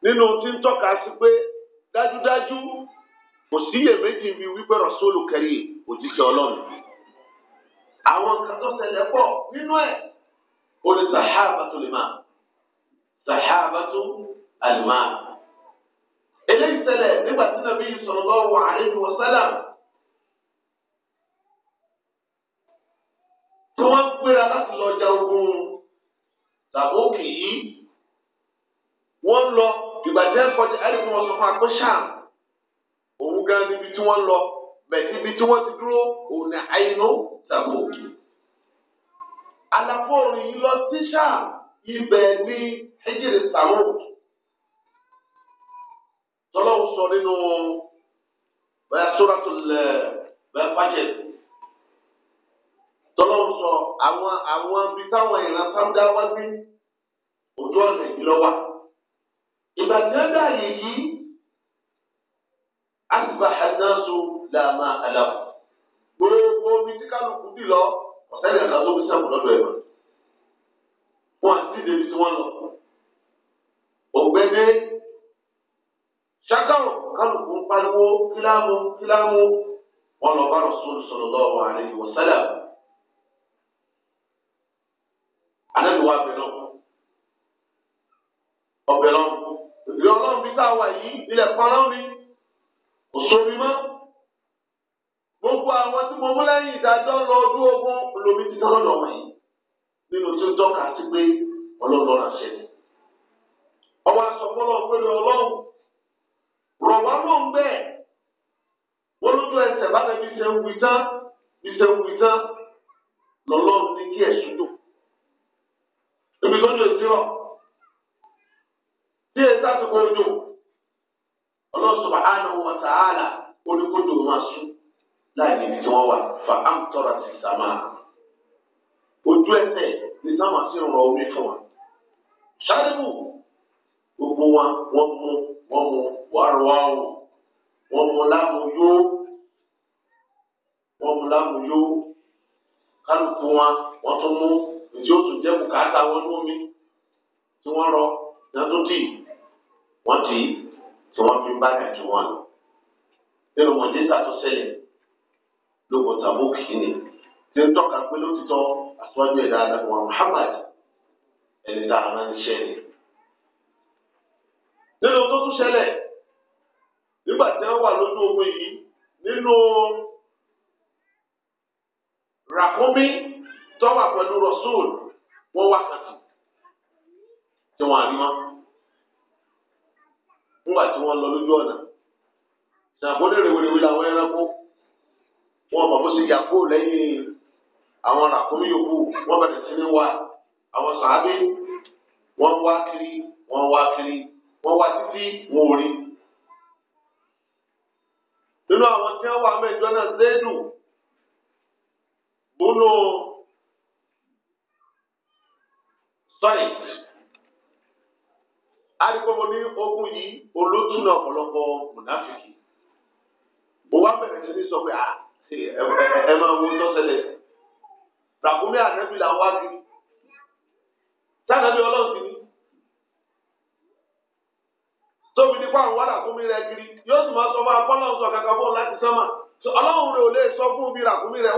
nínú tí ń tọ́ka sí pé dájúdájú kò síyèméjì mi wípé rọ̀sọ́lù kẹrì òjíṣẹ́ ọlọ́run àwọn nǹkan tó ṣẹlẹ̀ pọ̀ nínú ẹ̀ ó ní lè máa àlùmáà eléyìí nígbà tí nàbí tí wọ́n gbéra láti lọ ja ogun làbókè yìí wọ́n lọ ìgbàdí ẹ̀kọ́jà ẹ̀rí fún wọn sọ fún akọ́ṣà òun gan níbi tí wọ́n lọ bẹ́ẹ̀ níbi tí wọ́n ti dúró òun ní àyínú làbókè. àlàfo orin yìí lọ sí ṣáà ibẹ̀ ní ẹ̀jẹ̀rẹ̀ sàrò tọ́lọ́hún sọ nínú bẹ́ẹ̀ sóràtò lẹ̀ eh, bẹ́ẹ̀ pàṣẹ tọ́lọ́run sọ àwọn àwọn ibi táwọn ìran sáńdá wá sí ojú ọ̀nà yìí lọ́wọ́ ìgbà tí wọ́n dà yìí yìí àtìgbà àdáńsó là máa àlàfo gbogbo omi tí kálukú dì lọ ọ̀sẹ̀ ìrìnàjò tó fi sẹ́kù lọ́dọ̀ ẹ̀ wọn àti débi tí wọ́n lọ ògbẹ́dẹ́ ṣákàrò kálukú pariwo kíláàmù kíláàmù wọn lọ bá Rasul sallallahu alaihi wasallam. wá bẹ̀rẹ̀ ọbẹ̀ lọ. Ìlú ọlọ́run bí tá a wà yìí ilẹ̀ fọ́nrán mi kò sómi mọ́. Gbogbo àwọn tí mo mú lẹ́yìn ìdájọ́ lọ ọdún ogun lomi ti tọ́lọ́ lọ wọ̀nyí nínú tí ó tọ́ka sí pé ọlọ́run rà ṣẹlẹ̀. Ọwọ́ aṣọ́fọ́lọ́ pẹ̀lú ọlọ́run rọ̀ wá mọ̀ ń bẹ́ẹ̀. Wọ́n lójú ẹsẹ̀ bá lẹ́bi ṣe ń wí tán, ìṣe ń wí tán lọ́lọ́run ní kí ẹ̀sùn. àtọ́ra ti sàmà ojú ẹsẹ̀ ní sámà sí ń rọ omi fún wa ṣáàlù gbogbo wa wọ́n mú wọ́n mú wàrúwàrú wọ́n mú lámúyó wọ́n mú lámúyó kálukú wa wọ́n tún mú èyí ó tún jẹ́ bùkátà wọn ní omi tí wọ́n rọ yàtọ̀ tì wọ́n tì í tí wọ́n fi bá kàtí wọn nínú mọ̀jẹ́sà tó ṣẹlẹ̀. lóko Tabuk kìíní tí ń tọ́ka pé lótìtọ́ aṣáájú ẹ̀dá adágbọ̀n Muhammad ẹni tá a máa ń ni. nínú tó tún ṣẹlẹ̀ nígbà tí wọ́n wà lójú ogun yìí nínú ràkúnmí tó pẹ̀lú Rasul wọ́n wá kàtì tí wọ́n á mọ́ nígbà tí wọ́n lọ lójú wọn mọ̀ bó ṣe yà kó lẹ́yìn àwọn ràkúnmí yòókù wọ́n bẹ̀rẹ̀ sí ní wá àwọn sàábé wọ́n wá kiri wọ́n wá kiri wọ́n wá títí wọn ò rí. nínú àwọn tí wọ́n wà mẹ́jọ náà zéèdù bùnú sọ́yìn alikọmọ ní ogun yìí olótú náà ọ̀pọ̀lọpọ̀ mùnáfìkì. mo wá bẹ̀rẹ̀ sí ní sọ pé àá. Ah, E ma wo tó ràkúnmí ànábì là wá kiri sànàbí ti ní tóbi nípa àwọn rẹ kiri yóò sì máa sọ fún sọ kankan láti sánmà rẹ ò lè sọ fún bí ràkúnmí rẹ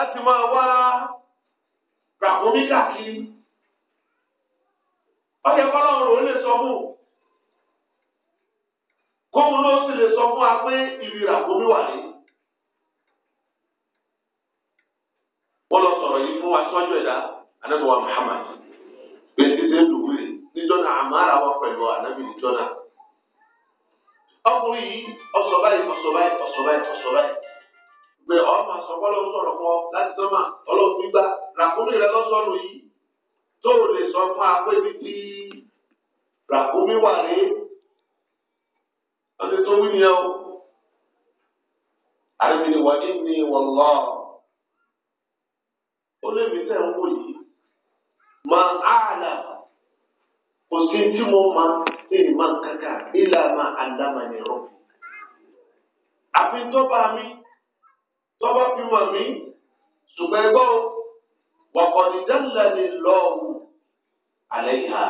láti máa wá ràkúnmí káàkiri ò lè sọ fún kóun ló sì lè sọ fún wa pé ibi ràkúnmí wà ní. wọ́n lọ sọ̀rọ̀ yìí fún wa síwájú ẹ̀dá Muhammad bẹ́ẹ̀ ṣe ń àmàrà wa pẹ̀lú anábì ọkùnrin yìí báyìí báyìí báyìí báyìí sọ̀rọ̀ ọdún tó wí nìyẹn o àrùbìnrin wà ní wọlọ ó lé mi tẹ̀ ń wò yìí máa àlà kò sí tí mo máa ṣe ìmọ̀ kankan ilà máa àdámà ní rọ àfi tọ́ba mi tọ́ba fi wà mí ṣùgbọ́n ẹgbọ́n wàkọ̀ọ̀dì dánilẹ̀ ni lọ́ọ̀hún àlẹ́ yìí hà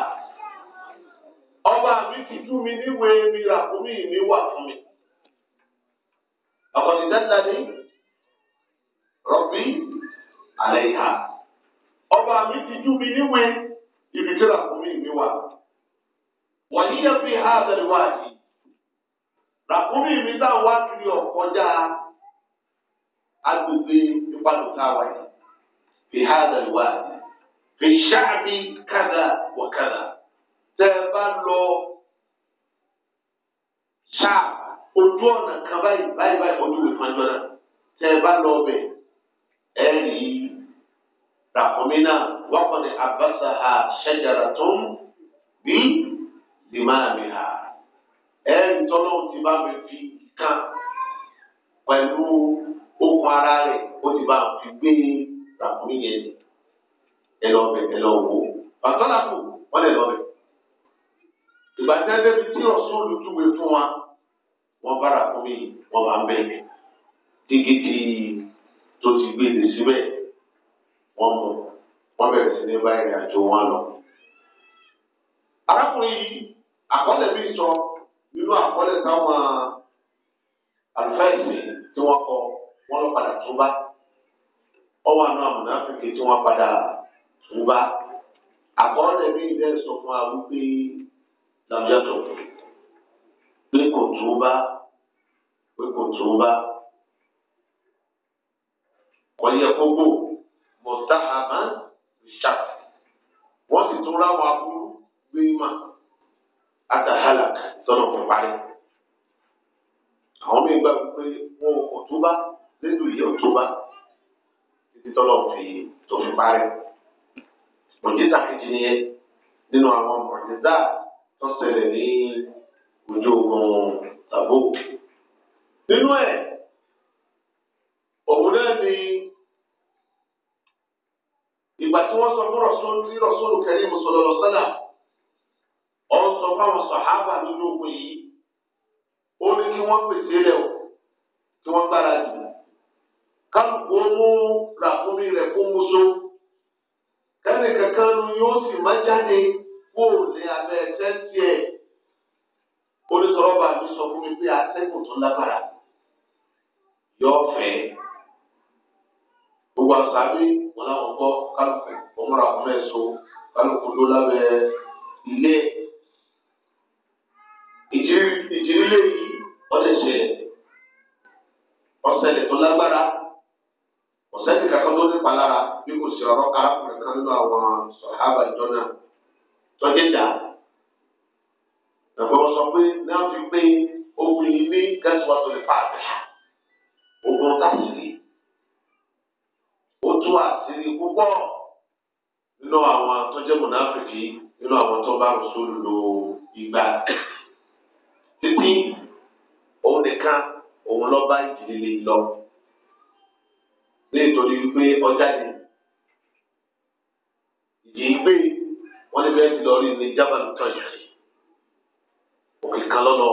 ọba mi ti tú mi níwèé mi ràkúnmí mi wà fún mi. ọkọ̀ ìdájọ́ ni rọ̀bì àlẹ́ ìhà ọba mi ti tú mi níwèé ibi tí ràkúnmí mi wà. wọ́n yíyá fi ha àtẹ̀lé wá yìí ràkúnmí mi dá wá kiri ọ̀kọ́já agbègbè ìpalùkà wáyé fi ha àtẹ̀lé wá yìí fi ṣáàbì kàdà wọ̀ kàdà tẹ́ ẹ bá lọ ṣáà ojú ọ̀nà kan báyìí báyìí báyìí ojú ìwé fún ẹjọ́ náà tẹ́ ẹ bá lọ ọbẹ̀ ẹ rí ràkúnmí náà wọ́n kọ́ni àbáṣà ha ṣẹ́jára tó ń bí lìmáàmì ha ẹ rí tọ́lọ́ ti bá mi fi kàn pẹ̀lú okùn ara rẹ̀ ó ti bá fi gbé ràkúnmí yẹn ẹ lọ bẹ̀ ẹ lọ wò bàtọ́lá wọ́n lè lọ bẹ̀ ìbàjẹ́ débi tí ọ̀sùn olùjúwe fún wa wọ́n bára fún mi wọ́n máa ń bẹ̀ dígídí tó ti gbé lè síbẹ̀ wọ́n mú wọ́n bẹ̀rẹ̀ sí ní báyìí àjò wọn lọ. arákùnrin yìí àkọsẹ̀ mi sọ nínú àkọsẹ̀ táwọn àlùfáà ìsìn tí wọ́n kọ wọ́n lọ padà tún bá ọwọ́ àná àmùnáfíkì tí wọ́n padà tún bá àkọsẹ̀ mi lẹ́sọ̀ fún wa wípé lam yàtọ̀ pé kò túbá pé kò túbá kọ̀yẹ gbogbo mọ̀tàhàmá ṣá wọ́n sì tún ráwọn aburú gbé mà àtàhálà tọ́nà fún parí. àwọn mi gbà pé wọn ò túbá lẹ́nu ìyẹ́ ò túbá títí tọ́lọ̀ fi tó fi parí. òjì tàkìtì nìyẹn nínú àwọn mọ̀tẹ́dáàtì. tó ṣẹlẹ̀ ní ojú ogun Tabuk. Nínú ẹ̀, òun náà ni ìgbà tí wọ́n sọ fún Rasul tí Rasul Karim sallallahu sọ́là, ọ̀rọ̀ sọ fáwọn nínú ogun yìí, ó ní o, kí wọ́n gbára jù. Kálukú ó mú ràkúnmí rẹ̀ kó mú so, kẹ́nìkankan yóò sì má kó o ní abẹ́ tẹ́tí ẹ̀ onítọ̀rọ̀bà mi sọ fún mi pé atẹ́kùn tó lágbára yọ fẹ́ gbogbo àṣàbí wọn làwọn gbọ́ kálukú ọmọra ọmọ ẹ̀ so kálukú ló lábẹ́ ilé ìdílé yìí ọ̀dẹ̀ṣẹ̀ ọ̀sẹ̀lẹ̀ tó lágbára ọ̀sẹ̀lẹ̀ kankan tó nípa lára bí kò sí ọ̀rọ̀ arákùnrin kan nínú àwọn sọ̀hábà ìjọ náà tọ́jẹ́dá nàbọ̀ sọ pé náà fi pé ogun yìí ní gẹ́sùwàtò lè fà àgbà ogun tàṣírí ó tún àṣírí púpọ̀ nínú àwọn tọ́jẹ́ mọ̀nàfìkì nínú àwọn tó bá rò sóòlù lo ìgbà títí òun nìkan òun lọ bá ìdílé lọ nítorí wípé ọjà ni ìdí gbé bẹ́ẹ̀ lọ́rí ní jábàlú tọ́jà òkè kan lọ́nà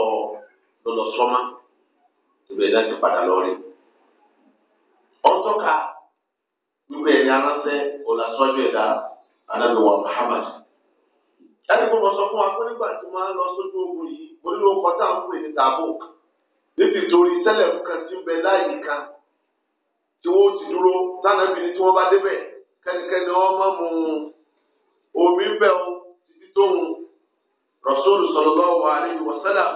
lọ́nà sọ́mà ìbẹ̀rẹ̀ láti padà lọ́rí. ọ̀tọ́ka wípé ẹ̀yà aránṣẹ́ ọ̀làsọ́jọ́ ẹ̀dá anábìwọ̀n Muhammad. láti fún wọn sọ fún wa pé nígbà tí wọ́n á lọ sójú ogun yìí onílòkọ tá à ń pè ní Tabuk níbi torí tẹ́lẹ̀ kan ti ń bẹ láàyè kan tí wọ́n ti dúró tánàbí ni tí wọ́n bá débẹ̀ kẹ́nikẹ́ni wọ́n máa mú omi ń bẹ̀ ọ́ títí tóun Rasul sallallahu alaihi wasallam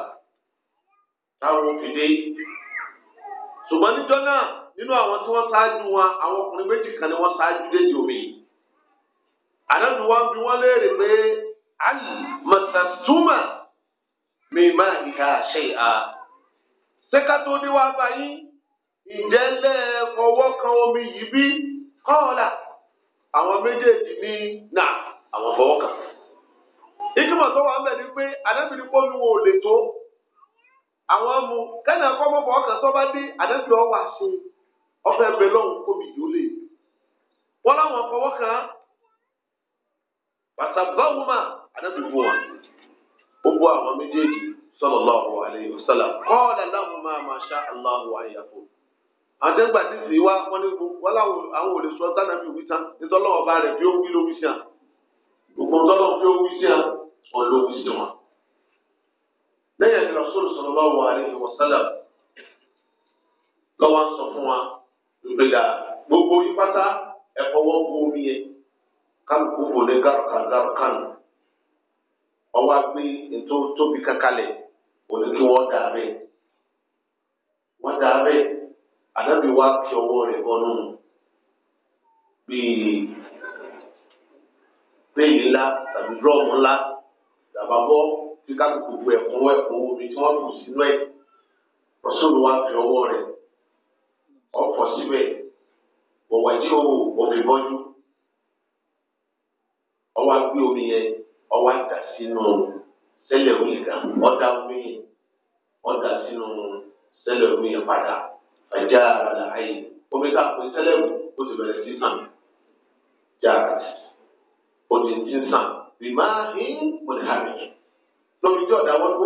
táwọn òfìdé. ṣùgbọ́n níjọ́ náà nínú àwọn tí wọ́n ṣáájú wọn àwọn ọkùnrin méjì kan ni wọ́n ṣáájú déjì omi yìí. wa bí wọ́n léèrè pé àyè màtàtúmà mi máa ń ka ṣe ṣé ká tó ní àwọn fọwọ́ kàn. ìtumọ̀ tó wà ń bẹ̀ ni pé anábìrin pọ́lú wo lè tó àwọn mu kẹ́nà ẹ̀kọ́ mọ́ fọwọ́ kàn tó bá dé anábìrin ọwọ́ àṣẹ ọfẹ́ bẹ lọ́hùn kómi yóò lè. wọ́n láwọn fọwọ́ kàn bàtàbáwùmá anábìrin fún wọn. ó bọ́ àwọn méjèèjì sallallahu alayhi wa sallam qala lahuma ma sha Allahu àyàfò àdégbàdìsí wa wọn ní wọn làwọn àwọn ò lè sọ dáná bí òwúta nítorí ọba rẹ bí ó wí lórí sí à gbogbo tọ́lọ̀ fi ó wí sí à wọn ló wí sí wọn. lẹ́yìn àti rasúlù sallallahu alaihi wasallam lọ́wọ́ ń sọ fún wa ìgbéga gbogbo ipátá ẹ̀kọ́ wọ́n bu omi yẹn kálukú kò ní gàrúkàn gàrúkàn ọwọ́ gbé ètò tóbi kankalẹ̀ òní kí wọ́n dà bẹ́ẹ̀ wọ́n dà bẹ́ẹ̀ àdábì wa kí ọwọ́ rẹ̀ bọ́ nù bíi péyì ńlá tàbí drọ́ọ̀mù ńlá ìdàbàbọ̀ tí kákòkò bu ẹ̀kún ẹ̀kún omi tí wọ́n kù sínú ẹ̀ ọ̀ṣun wa fi ọwọ́ rẹ̀ ọ̀fọ̀ síbẹ̀ ọ̀wẹ̀ tí ó wò omi bọ́jú ọwọ́ gbé omi yẹn ọwọ́ àgbà sínú sẹ́lẹ̀ omi kan ọ̀dà omi yẹn ọ̀dà sínú sẹ́lẹ̀ omi yẹn padà ẹ̀já ara omi ká sẹ́lẹ̀ omi ó ti bẹ̀rẹ̀ sí sàn òjijì sàn rìmá hín mọ̀lẹ́hàmì lórí tí ọ̀dà wọn kú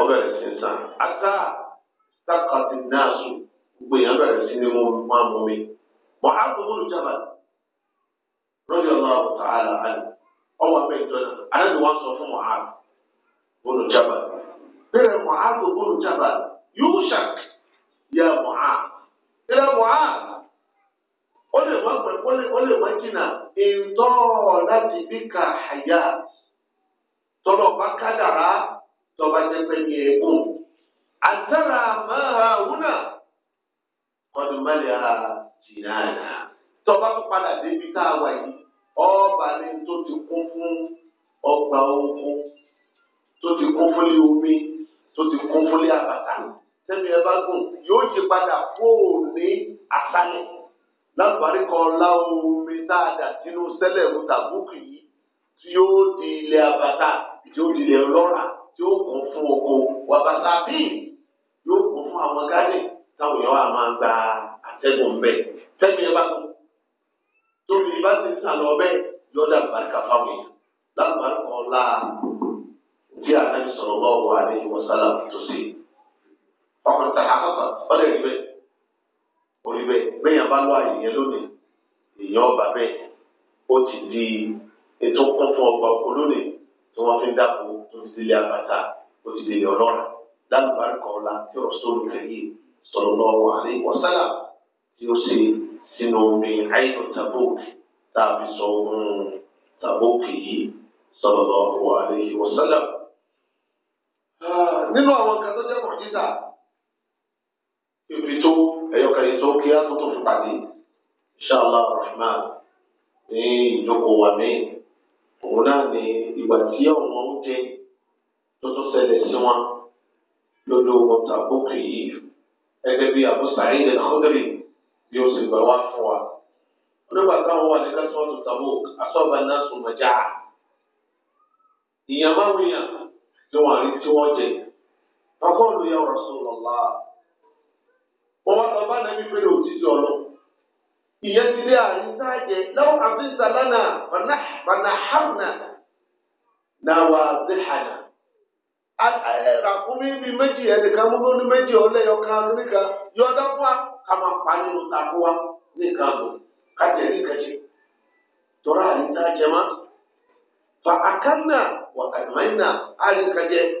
ọbẹ̀ rẹ̀ ata náà sùn gbogbo èèyàn bẹ̀rẹ̀ sí ni mo máa mú mi lórí ọ̀la ọ̀tá ọwọ́ abẹ́ ìjọba wọn sọ fún bẹ́ẹ̀ yóò ó lè wá pẹ ó lè ó lè wá jìnnà ìtọ́ láti bí ka àyà tọ́lọ̀ bá kádàrá tọ́ba jẹ́pẹ́ ní ẹ̀gbọ́n àtàrà máa wúnà ọdún mẹ́lẹ̀ ara jìnnà tọ́ba tó padà débi tá a wà yìí ọba ní tó ti kún fún ọgbà oko tó ti kún fún lé omi tó ti kún fún lé àbàtà tẹ́mi ẹ bá gùn yóò yí padà fóònù àṣálẹ̀ lálùbárí kan lá omi tá a dà sínú sẹ́lẹ̀ mú tàbúkì yìí tí ó di ilẹ̀ abata tí ó di ilẹ̀ ọlọ́ra tí ó kún fún oko wàbàtà bíi yóò kún fún àwọn gánì táwọn èèyàn á máa gba àtẹ́gùn mbẹ́ tẹ́mi ẹ bá tó tóbi bá ti ń sàn lọ bẹ́ẹ̀ yọ̀ọ́dà àlùbáríkà fáwọn èèyàn lálùbárí kan lá bí àná ìsọ̀rọ̀ bá wà ní ìwọ̀sálà tó ṣe ọkùnrin tàkàtà ọ̀dẹ̀ ìgbẹ́ orí bẹ́ẹ̀ bẹ́yàn bá lọ àyè yẹn lónìí èèyàn ọba bẹ́ẹ̀ ó ti di ètò kún fún ọgbà oko lónìí tí wọ́n fi ń dàpọ̀ tó ti délé àbàtà ó ti délé ọlọ́run lálùbáríkà ọ̀la tí ó sọ olùkẹ́yì sọ̀rọ̀ lọ́wọ́ àlẹ́ ìwọ̀sálà tí ó ṣe sínú omi àìnú tàbókì tàbí sọ ohun tàbókì yìí sọ̀rọ̀ lọ́wọ́ àlẹ́ ìwọ̀sálà. nínú àwọn kan tó jẹ́ mọ̀jísà ibi tó ẹ̀yọkẹ̀rẹ̀ tó kí á tó tó fi pàdé ṣáàlá rahman ní ìjókòó wa mí òun náà ní ìgbà tí àwọn oúnjẹ tó tó ṣẹlẹ̀ sí wọn lójú ogun tàbókì yìí gẹ́gẹ́ bí Abu Sa'id al-Khudri bí ó sì gbà wá fún wa. onígbà táwọn wà ní kásíwọ́tò tàbókì asọ́ba náà sùn mọ́jà ìyàmáwìyàn tí wọ́n rí tí wọ́n jẹ. ọgọ́rùn-ún yà Rasulullah. wọ́n lọ bá nàbí pé nsala na ìyẹn ti dé na na lọ́wọ́ àfihàn lánà na náà wà zèhànà. ràkúnmí bíi méjì ẹnìkan mú lóní méjì ọlẹ́yọkan nìkan yọ̀ọ́dá fún wa ká máa pa nínú tako wa nìkan lò kájẹ nìkan jẹ. tọ́ra àrí sáàjẹ ma. fa na wà àdìmáyìnà àrí na jẹ.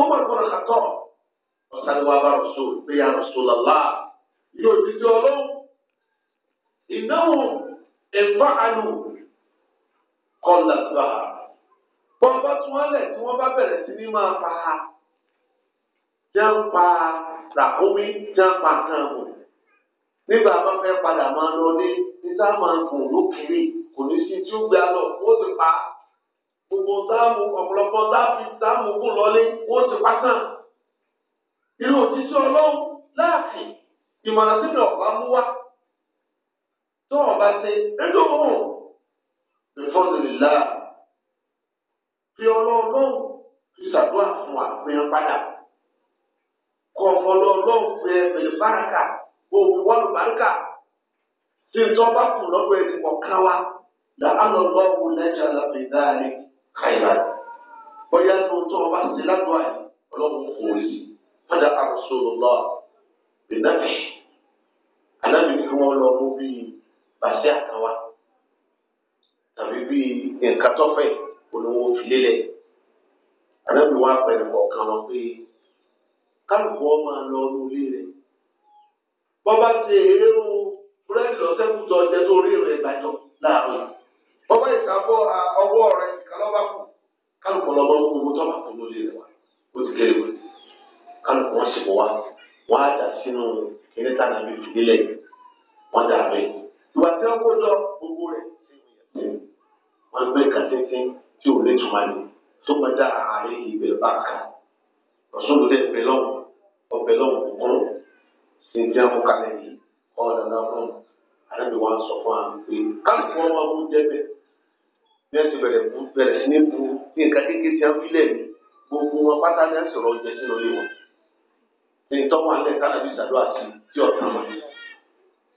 Umar bin Khattab ọ̀sálẹ́wà bá Rasul pé ya Rasulallah yóò dídí ọlọ́run. Ìnáwó ẹ̀fọ́ àlù kọ́lá gbà. Wọ́n bá tún wọ́n lẹ̀ tí wọ́n bá bẹ̀rẹ̀ sí ní máa pa já ń pa ràkúnmí já ń pa kan wò. Nígbà bá fẹ́ padà máa lọ ní ní sáà máa gùn lókèrè kò ní sí tí ó gbé alọ̀ ó ti pa gbogbo táàmù ọ̀pọ̀lọpọ̀ táàmù gùn lọ́lé wọ́n ti pátá. irú òtítọ́ ọlọ́run láàfin ìmọ̀ràn sínú ọ̀pá mú wá tó ọba ṣe ẹjọ́ òun ìfọ́sìlélá fi ọlọ́run lọ́hùn fi ṣàdúrà fún àpẹẹrẹ padà kọ ọmọlọ ọlọ́run fẹ ẹ̀rẹ̀ báràkà òfin wọ́n báràkà tí ìtọ́ bá kù lọ́dọ̀ ẹ̀dùn ọ̀kan wa làálọ̀ lọ́wọ́ lẹ́jà lábẹ́ dáa rẹ̀ káyìlá bóyá tó tó ọba ṣe ládùúgbò àyè ọlọ́run kò rí padà àrùsọ̀rọ̀lọ́ bìnàbì ànábì kí wọ́n lọ mú bíi bàṣẹ àtàwà tàbí bíi nǹkan tọ́fẹ̀ olówó filélẹ̀ ànábì wọn apẹ̀lẹ̀ kọ̀ọ̀kan wọn pé kálukú wọn máa lọ ní orí rẹ̀ bọ́bá ṣe eré wo búrẹ́dì lọ́sẹ̀kùtọ̀ ọjọ́ tó rí rẹ̀ gbàjọ láàárọ̀ bọ́bá ìkàbọ̀ ọwọ́ rẹ̀ nìkan lọ́ba kù kálukú lọ́ba kú owó tọ́ba kú lórí rẹ̀ wá ó ti kéré wẹ̀ kálukú wọn sì wá wọn á dà sínú kíní tánà bíi ìdílé wọn dà bẹ́ẹ̀ ìwà tí wọn kó jọ gbogbo rẹ̀ wọn gbé kàtẹ́tẹ́ tí ò létùmá ni tó máa dá àárín ibẹ̀ bá kà lọ́sọ̀rọ̀ dẹ́ ẹ̀bẹ̀ lọ́wọ́ ọbẹ̀ lọ́wọ́ kún ṣe ń jẹ́ àmúkalẹ̀ yìí kọ́ ọ̀dà náà fún un àdàbí wọn sọ fún wa pé kálukú wọn máa kú bẹ́ẹ̀ bí ẹ ti bẹ̀rẹ̀ bu bẹ̀rẹ̀ sí ní bu ní nǹkan kékeré tí wọ́n fi lẹ̀ ní gbogbo wọn pátá ní ẹ̀sọ̀rọ̀ ọ̀jẹ̀ sínú ilé wọn. ní tọ́wọ́ alẹ́ kánábì sàdó àti tí ọ̀tá wọn.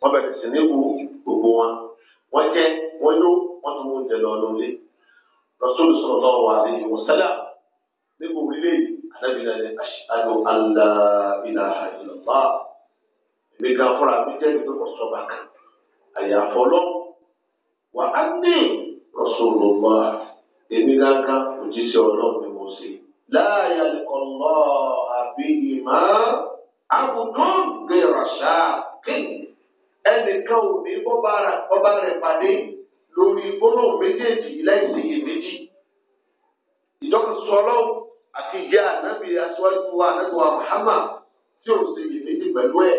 wọ́n bẹ̀rẹ̀ sí ní bu gbogbo wọn. wọ́n jẹ wọ́n yó wọ́n tún mú oúnjẹ lọ lórí. Rasulu sallallahu alaihi wasallam ní gbogbo ilé àdábìlẹ̀ ní ashhadu an la ilaha illallah. èmi kan fúnra mi jẹ́ ìdókòsọ́ba kan àyàfọ́ lọ. wà á ní Rasulullah èmi kankan òjíṣẹ́ ọlọ́run ni mo ṣe. láàyè ọlọ́ àbíyí máa àbùdó gbèrò ṣáàkì ẹnìkan ò ní bọ́bá rẹ̀ pàdé lórí gbólóhùn méjèèjì láìsí iyèméjì. ìjọkùsọ ọlọ́run àti ìyá ànábì aṣáájú wa ànábì wa Muhammad tí ò sì iyèméjì pẹ̀lú ẹ̀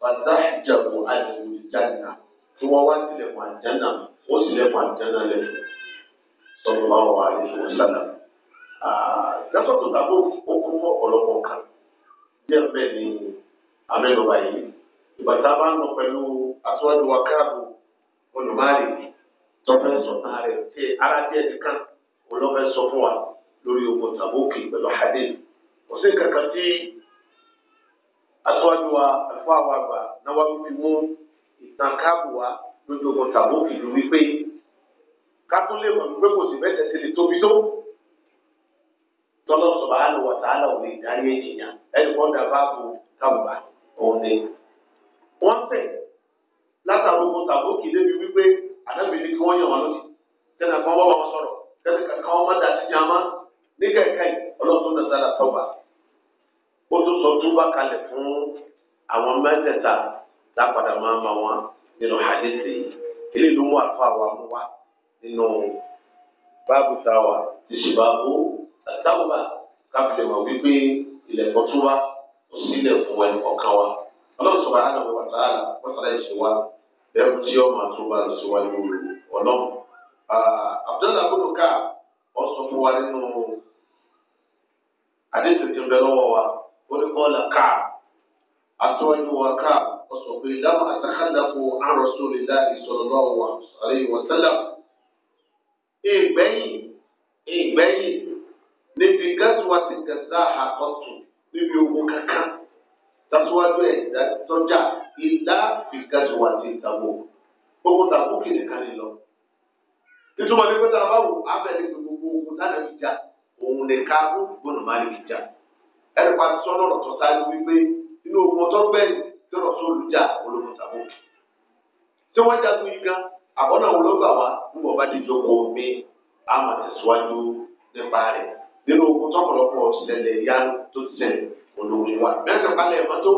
fàtàjàbù àdìmú ìjànà tí wọ́n wá tilẹ̀kùn àjànà mi wọ́n sì lẹ́kọ̀ọ́ àdìjẹ́nà lẹ́nu sọ̀rọ̀ bá wà ní ìwòsàn. Yàtọ̀ tó tàbí okun fún ọ̀pọ̀lọpọ̀ kan bí ẹ̀fẹ́ ni amẹ́nuba yìí. Ìgbà tá a bá ń lọ pẹ̀lú aṣọ́jú wa káàbù olùmárì tọ́fẹ́ sọ̀tàn rẹ̀ tí ara díẹ̀ nìkan olọ́fẹ́ sọ fún wa lórí ogun tàbókì pẹ̀lú hadé. Kò sí kankan tí aṣọ́jú wa ẹ̀fọ́ àwọn àgbà náà wá fi mú ìtàn káàbù wa lójú ogun tàbókì ló wípé kátó lè mọ̀ pé kò sí mẹ́sẹ̀ sí lè tóbi tó tọ́lọ́ sọ̀rọ̀ àlùwọ̀ tààlà ò lè darí èjìyàn ẹni wọ́n dà báàbò kábùbà òun ni. wọ́n tẹ̀ látàrí ogun tàbókì débi wípé ànábì ni kí wọ́n yàn wọ́n lódì kẹ́nà kan bá wọn sọ̀rọ̀ kẹ́nà kankan wọn má dà sí jàmá ní kẹ̀kẹ́ ọlọ́run náà dára tọ́ba ó tún sọ túbá kalẹ̀ fún àwọn mẹ́tẹ̀ẹ̀ta lápadà nínú hadithi yìí eléyìí ló mú àfa wa mú wa nínú báàbù táwa ti sì bá bó àtàwùbà káfíńtì mọ̀ wípé ilẹ̀kùn tó wá kò sí ilẹ̀kùn ẹnì kọ̀ọ̀kan wa ọlọ́run sọ̀rọ̀ àná wọn wàtá àlà wọ́tàlá ìṣe wa lẹ́rù tí ọmọ àtúbà ń ṣe wa ní ọ̀nà. abdullahi abudu ká wọ́n sọ fún wa nínú àdéhùn tuntun bẹ́ẹ̀ lọ́wọ́ wa ó ní kọ́ ọ́ la ká àtúwájú wa ká sọ pé láwọn àtàkàlàfo àròsọlélá ìsọlọlọ wà sàrẹ ìwọsẹlá ìgbẹ̀yìn ìgbẹ̀yìn níbi gáàsùwàsì gàdá àkọsùn níbi ogun kankan tasuwaju ẹ sọjà ìlà ìgàsùwàsì ìtàbọ gbogbo tàbó kìnìkan ni lọ ìtumọ̀ ní pẹ́tà báwo abẹ́rẹ́ gbogbo ogun tánà ti jà òun nìkan gbọ́dọ̀ máa ní ti jà ẹ̀rọ pa sọ́nà ọ̀tọ̀ sáré wípé inú ogun ọ̀tọ̀ gbẹ̀yìn tọ̀rọ̀ sóòlù jà ológun tàbó tí wọ́n jagun yìí gan àbọ̀nà wo ló gbà wá bá dìjọ kó mi àmọ̀ tẹ̀síwájú nípa rẹ̀ nínú ogun tọ́pọ̀lọpọ̀ ṣẹlẹ̀ ya tó ti ṣẹlẹ̀ olórí wa mẹ́sàn-án palẹ̀ ẹ̀mọ́ tó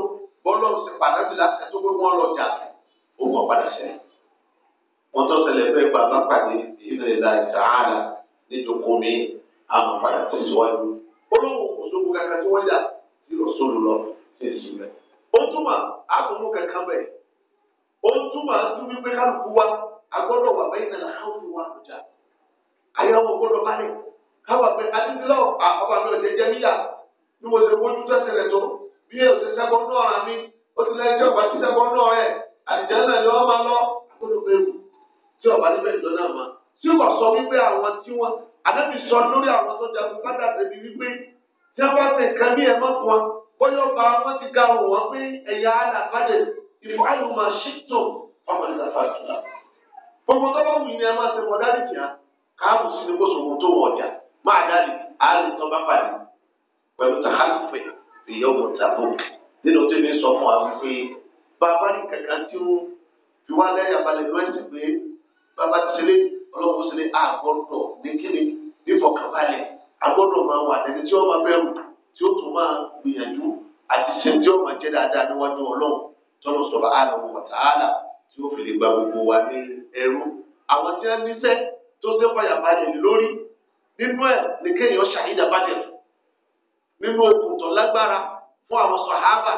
bọ́lọ́ sí pàtàkì láti ẹ̀ tó pé wọ́n lọ jà ogun ọ̀padà ṣẹlẹ̀ wọ́n tó ṣẹlẹ̀ fẹ́ gbà bá pàdé ìbẹ̀rẹ̀ la ìtàhánà níjòkó mi àmọ̀ padà tẹ̀síwájú olóhùn òṣogbo kankan tí wọ́n jà sí lọ sólù lọ sí ó túmọ̀ àtúnmú kankan bẹ̀ ó túmọ̀ tún wípé kálukú wa agbọ́dọ̀ wà bẹ́ẹ̀ náà láwùjọ wa àbújá àyàwó gbọ́dọ̀ balẹ̀ káwa pé adídílọ́ àbá a ò lè jẹ́ níyà bí mo ṣe mójú tẹ́sẹ̀lẹ̀ tó bí ẹ ò ṣe ṣẹ́gun náà rà mí ó ti lẹ́yìn tí ọ̀bá ti ṣẹ́gun náà rẹ̀ àdìjẹ́ náà ni wọ́n máa lọ agbọ́dọ̀ bẹ̀rù tí ọ̀bá níbẹ̀ ìjọ náà máa tí wọ́n sọ wípé àwọn tí wọ́n àdébìsọ lórí àwọn tó jagun kádà tẹ̀lé wípé tí wọ́n bá ti nǹkan ní ẹ̀mọ́ fún bóyá ọba wọn ti ga ọ wọn pé ẹ̀yà àlàkàdé ìfọ̀ àlùmọ̀ ṣètò ọmọ ìgbà fàtúrà gbogbo tó bá wù ní ẹ máa ṣe mọ dáàbì kíá káàbù sí ni kó sọ wọn tó wọ ọjà máa dáàbì àlè tó bá pàdé pẹ̀lú tàhálùfẹ̀ ìyá ọmọ tàbó nínú tó ní sọ fún wa wípé bàbá ní kankan tí ó fi wá lẹ́yìn abalẹ̀ lọ́ẹ̀sì pé bàbá ti ṣeré ọlọ́run ṣeré àgọ́dọ̀ ní kíni nífọ̀kànbalẹ̀ àgọ́dọ̀ máa wà lẹ́ni tí wọ́n máa bẹ̀rù tí ó tún máa gbìyànjú àti ṣe tí ó máa jẹ́ dáadáa níwájú ọlọ́run tọ́lọ̀ sọ̀rọ̀ àlọ́ wa ta'ala tí ó fi lè gba gbogbo wa ní ẹrú. àwọn tí wọ́n níṣẹ́ tó ṣe fàyà balẹ̀ lórí nínú ẹ̀ ní kéèyàn ṣàyídà bàjẹ́ nínú okùn tó lágbára fún àwọn sàhábà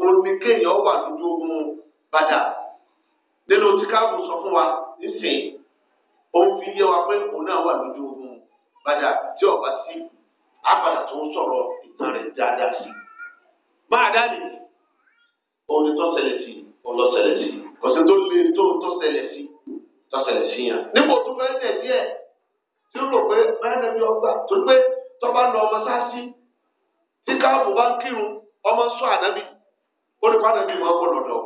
òun ní kéèyàn wà lójú ogun bàdà nínú tí káàbù sọ fún wa nísìnyí òun fi yé wa pé òun náà wà lójú ogun bàdà tí ọba sí àpàdà tó ń sọ̀rọ̀ ìtàn rẹ̀ dáadáa sí. máa dáàbì òun ni tó ṣẹlẹ̀ sí òun lọ ṣẹlẹ̀ sí kò sí tó lé tó tó ṣẹlẹ̀ sí tó ṣẹlẹ̀ sí yàn. níbo tó fẹ́ tẹ̀ díẹ̀ tí ó rò pé báyọ̀ bí ọgbà tó pé tó bá lọ ọmọ sáàsì tí káàbù bá ń kírun ọmọ sọ ànábì ó lè fún ànábì máa ń wọ̀nà lọ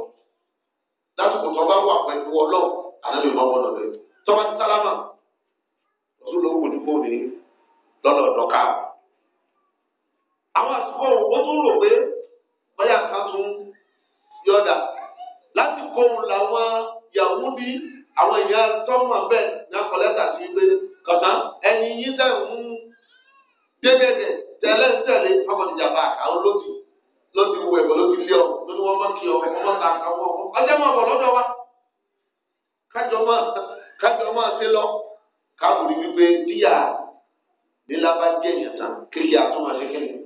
lásìkò tó bá wà pẹ̀lú ọlọ́ọ̀ ànábì máa ń wọ̀nà àwọn àsìkò ó tún rò pé bóyá kan tún yọ̀dà láti kóhun làwọn yahoo bí àwọn ìyá tọ́mọ̀ bẹ́ẹ̀ ní akọ̀lẹ́tà sí pé kọ̀tán ẹni yín dẹ̀ ń dédédé tẹ̀lé ń tẹ̀lé ọmọdéjàmbá àwọn lódì lódì wù ẹ̀bọ̀ lódì fi ọ̀ lódì wọn mọ̀ kí ọ ọmọ ta àwọn ọmọ ọjọ́ mọ̀ bọ̀ lọ́dọ̀ wa kájọ mọ̀ kájọ mọ̀ sí lọ káàbùrì wípé díyà nílá bá jẹ̀yàn tán kékeré àtúmọ̀ ṣe kékeré.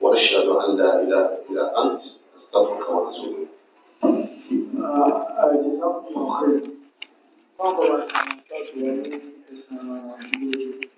وأشهد أن لا إله إلا أنت أستغفرك وأتوب إليك. آه، الله خير.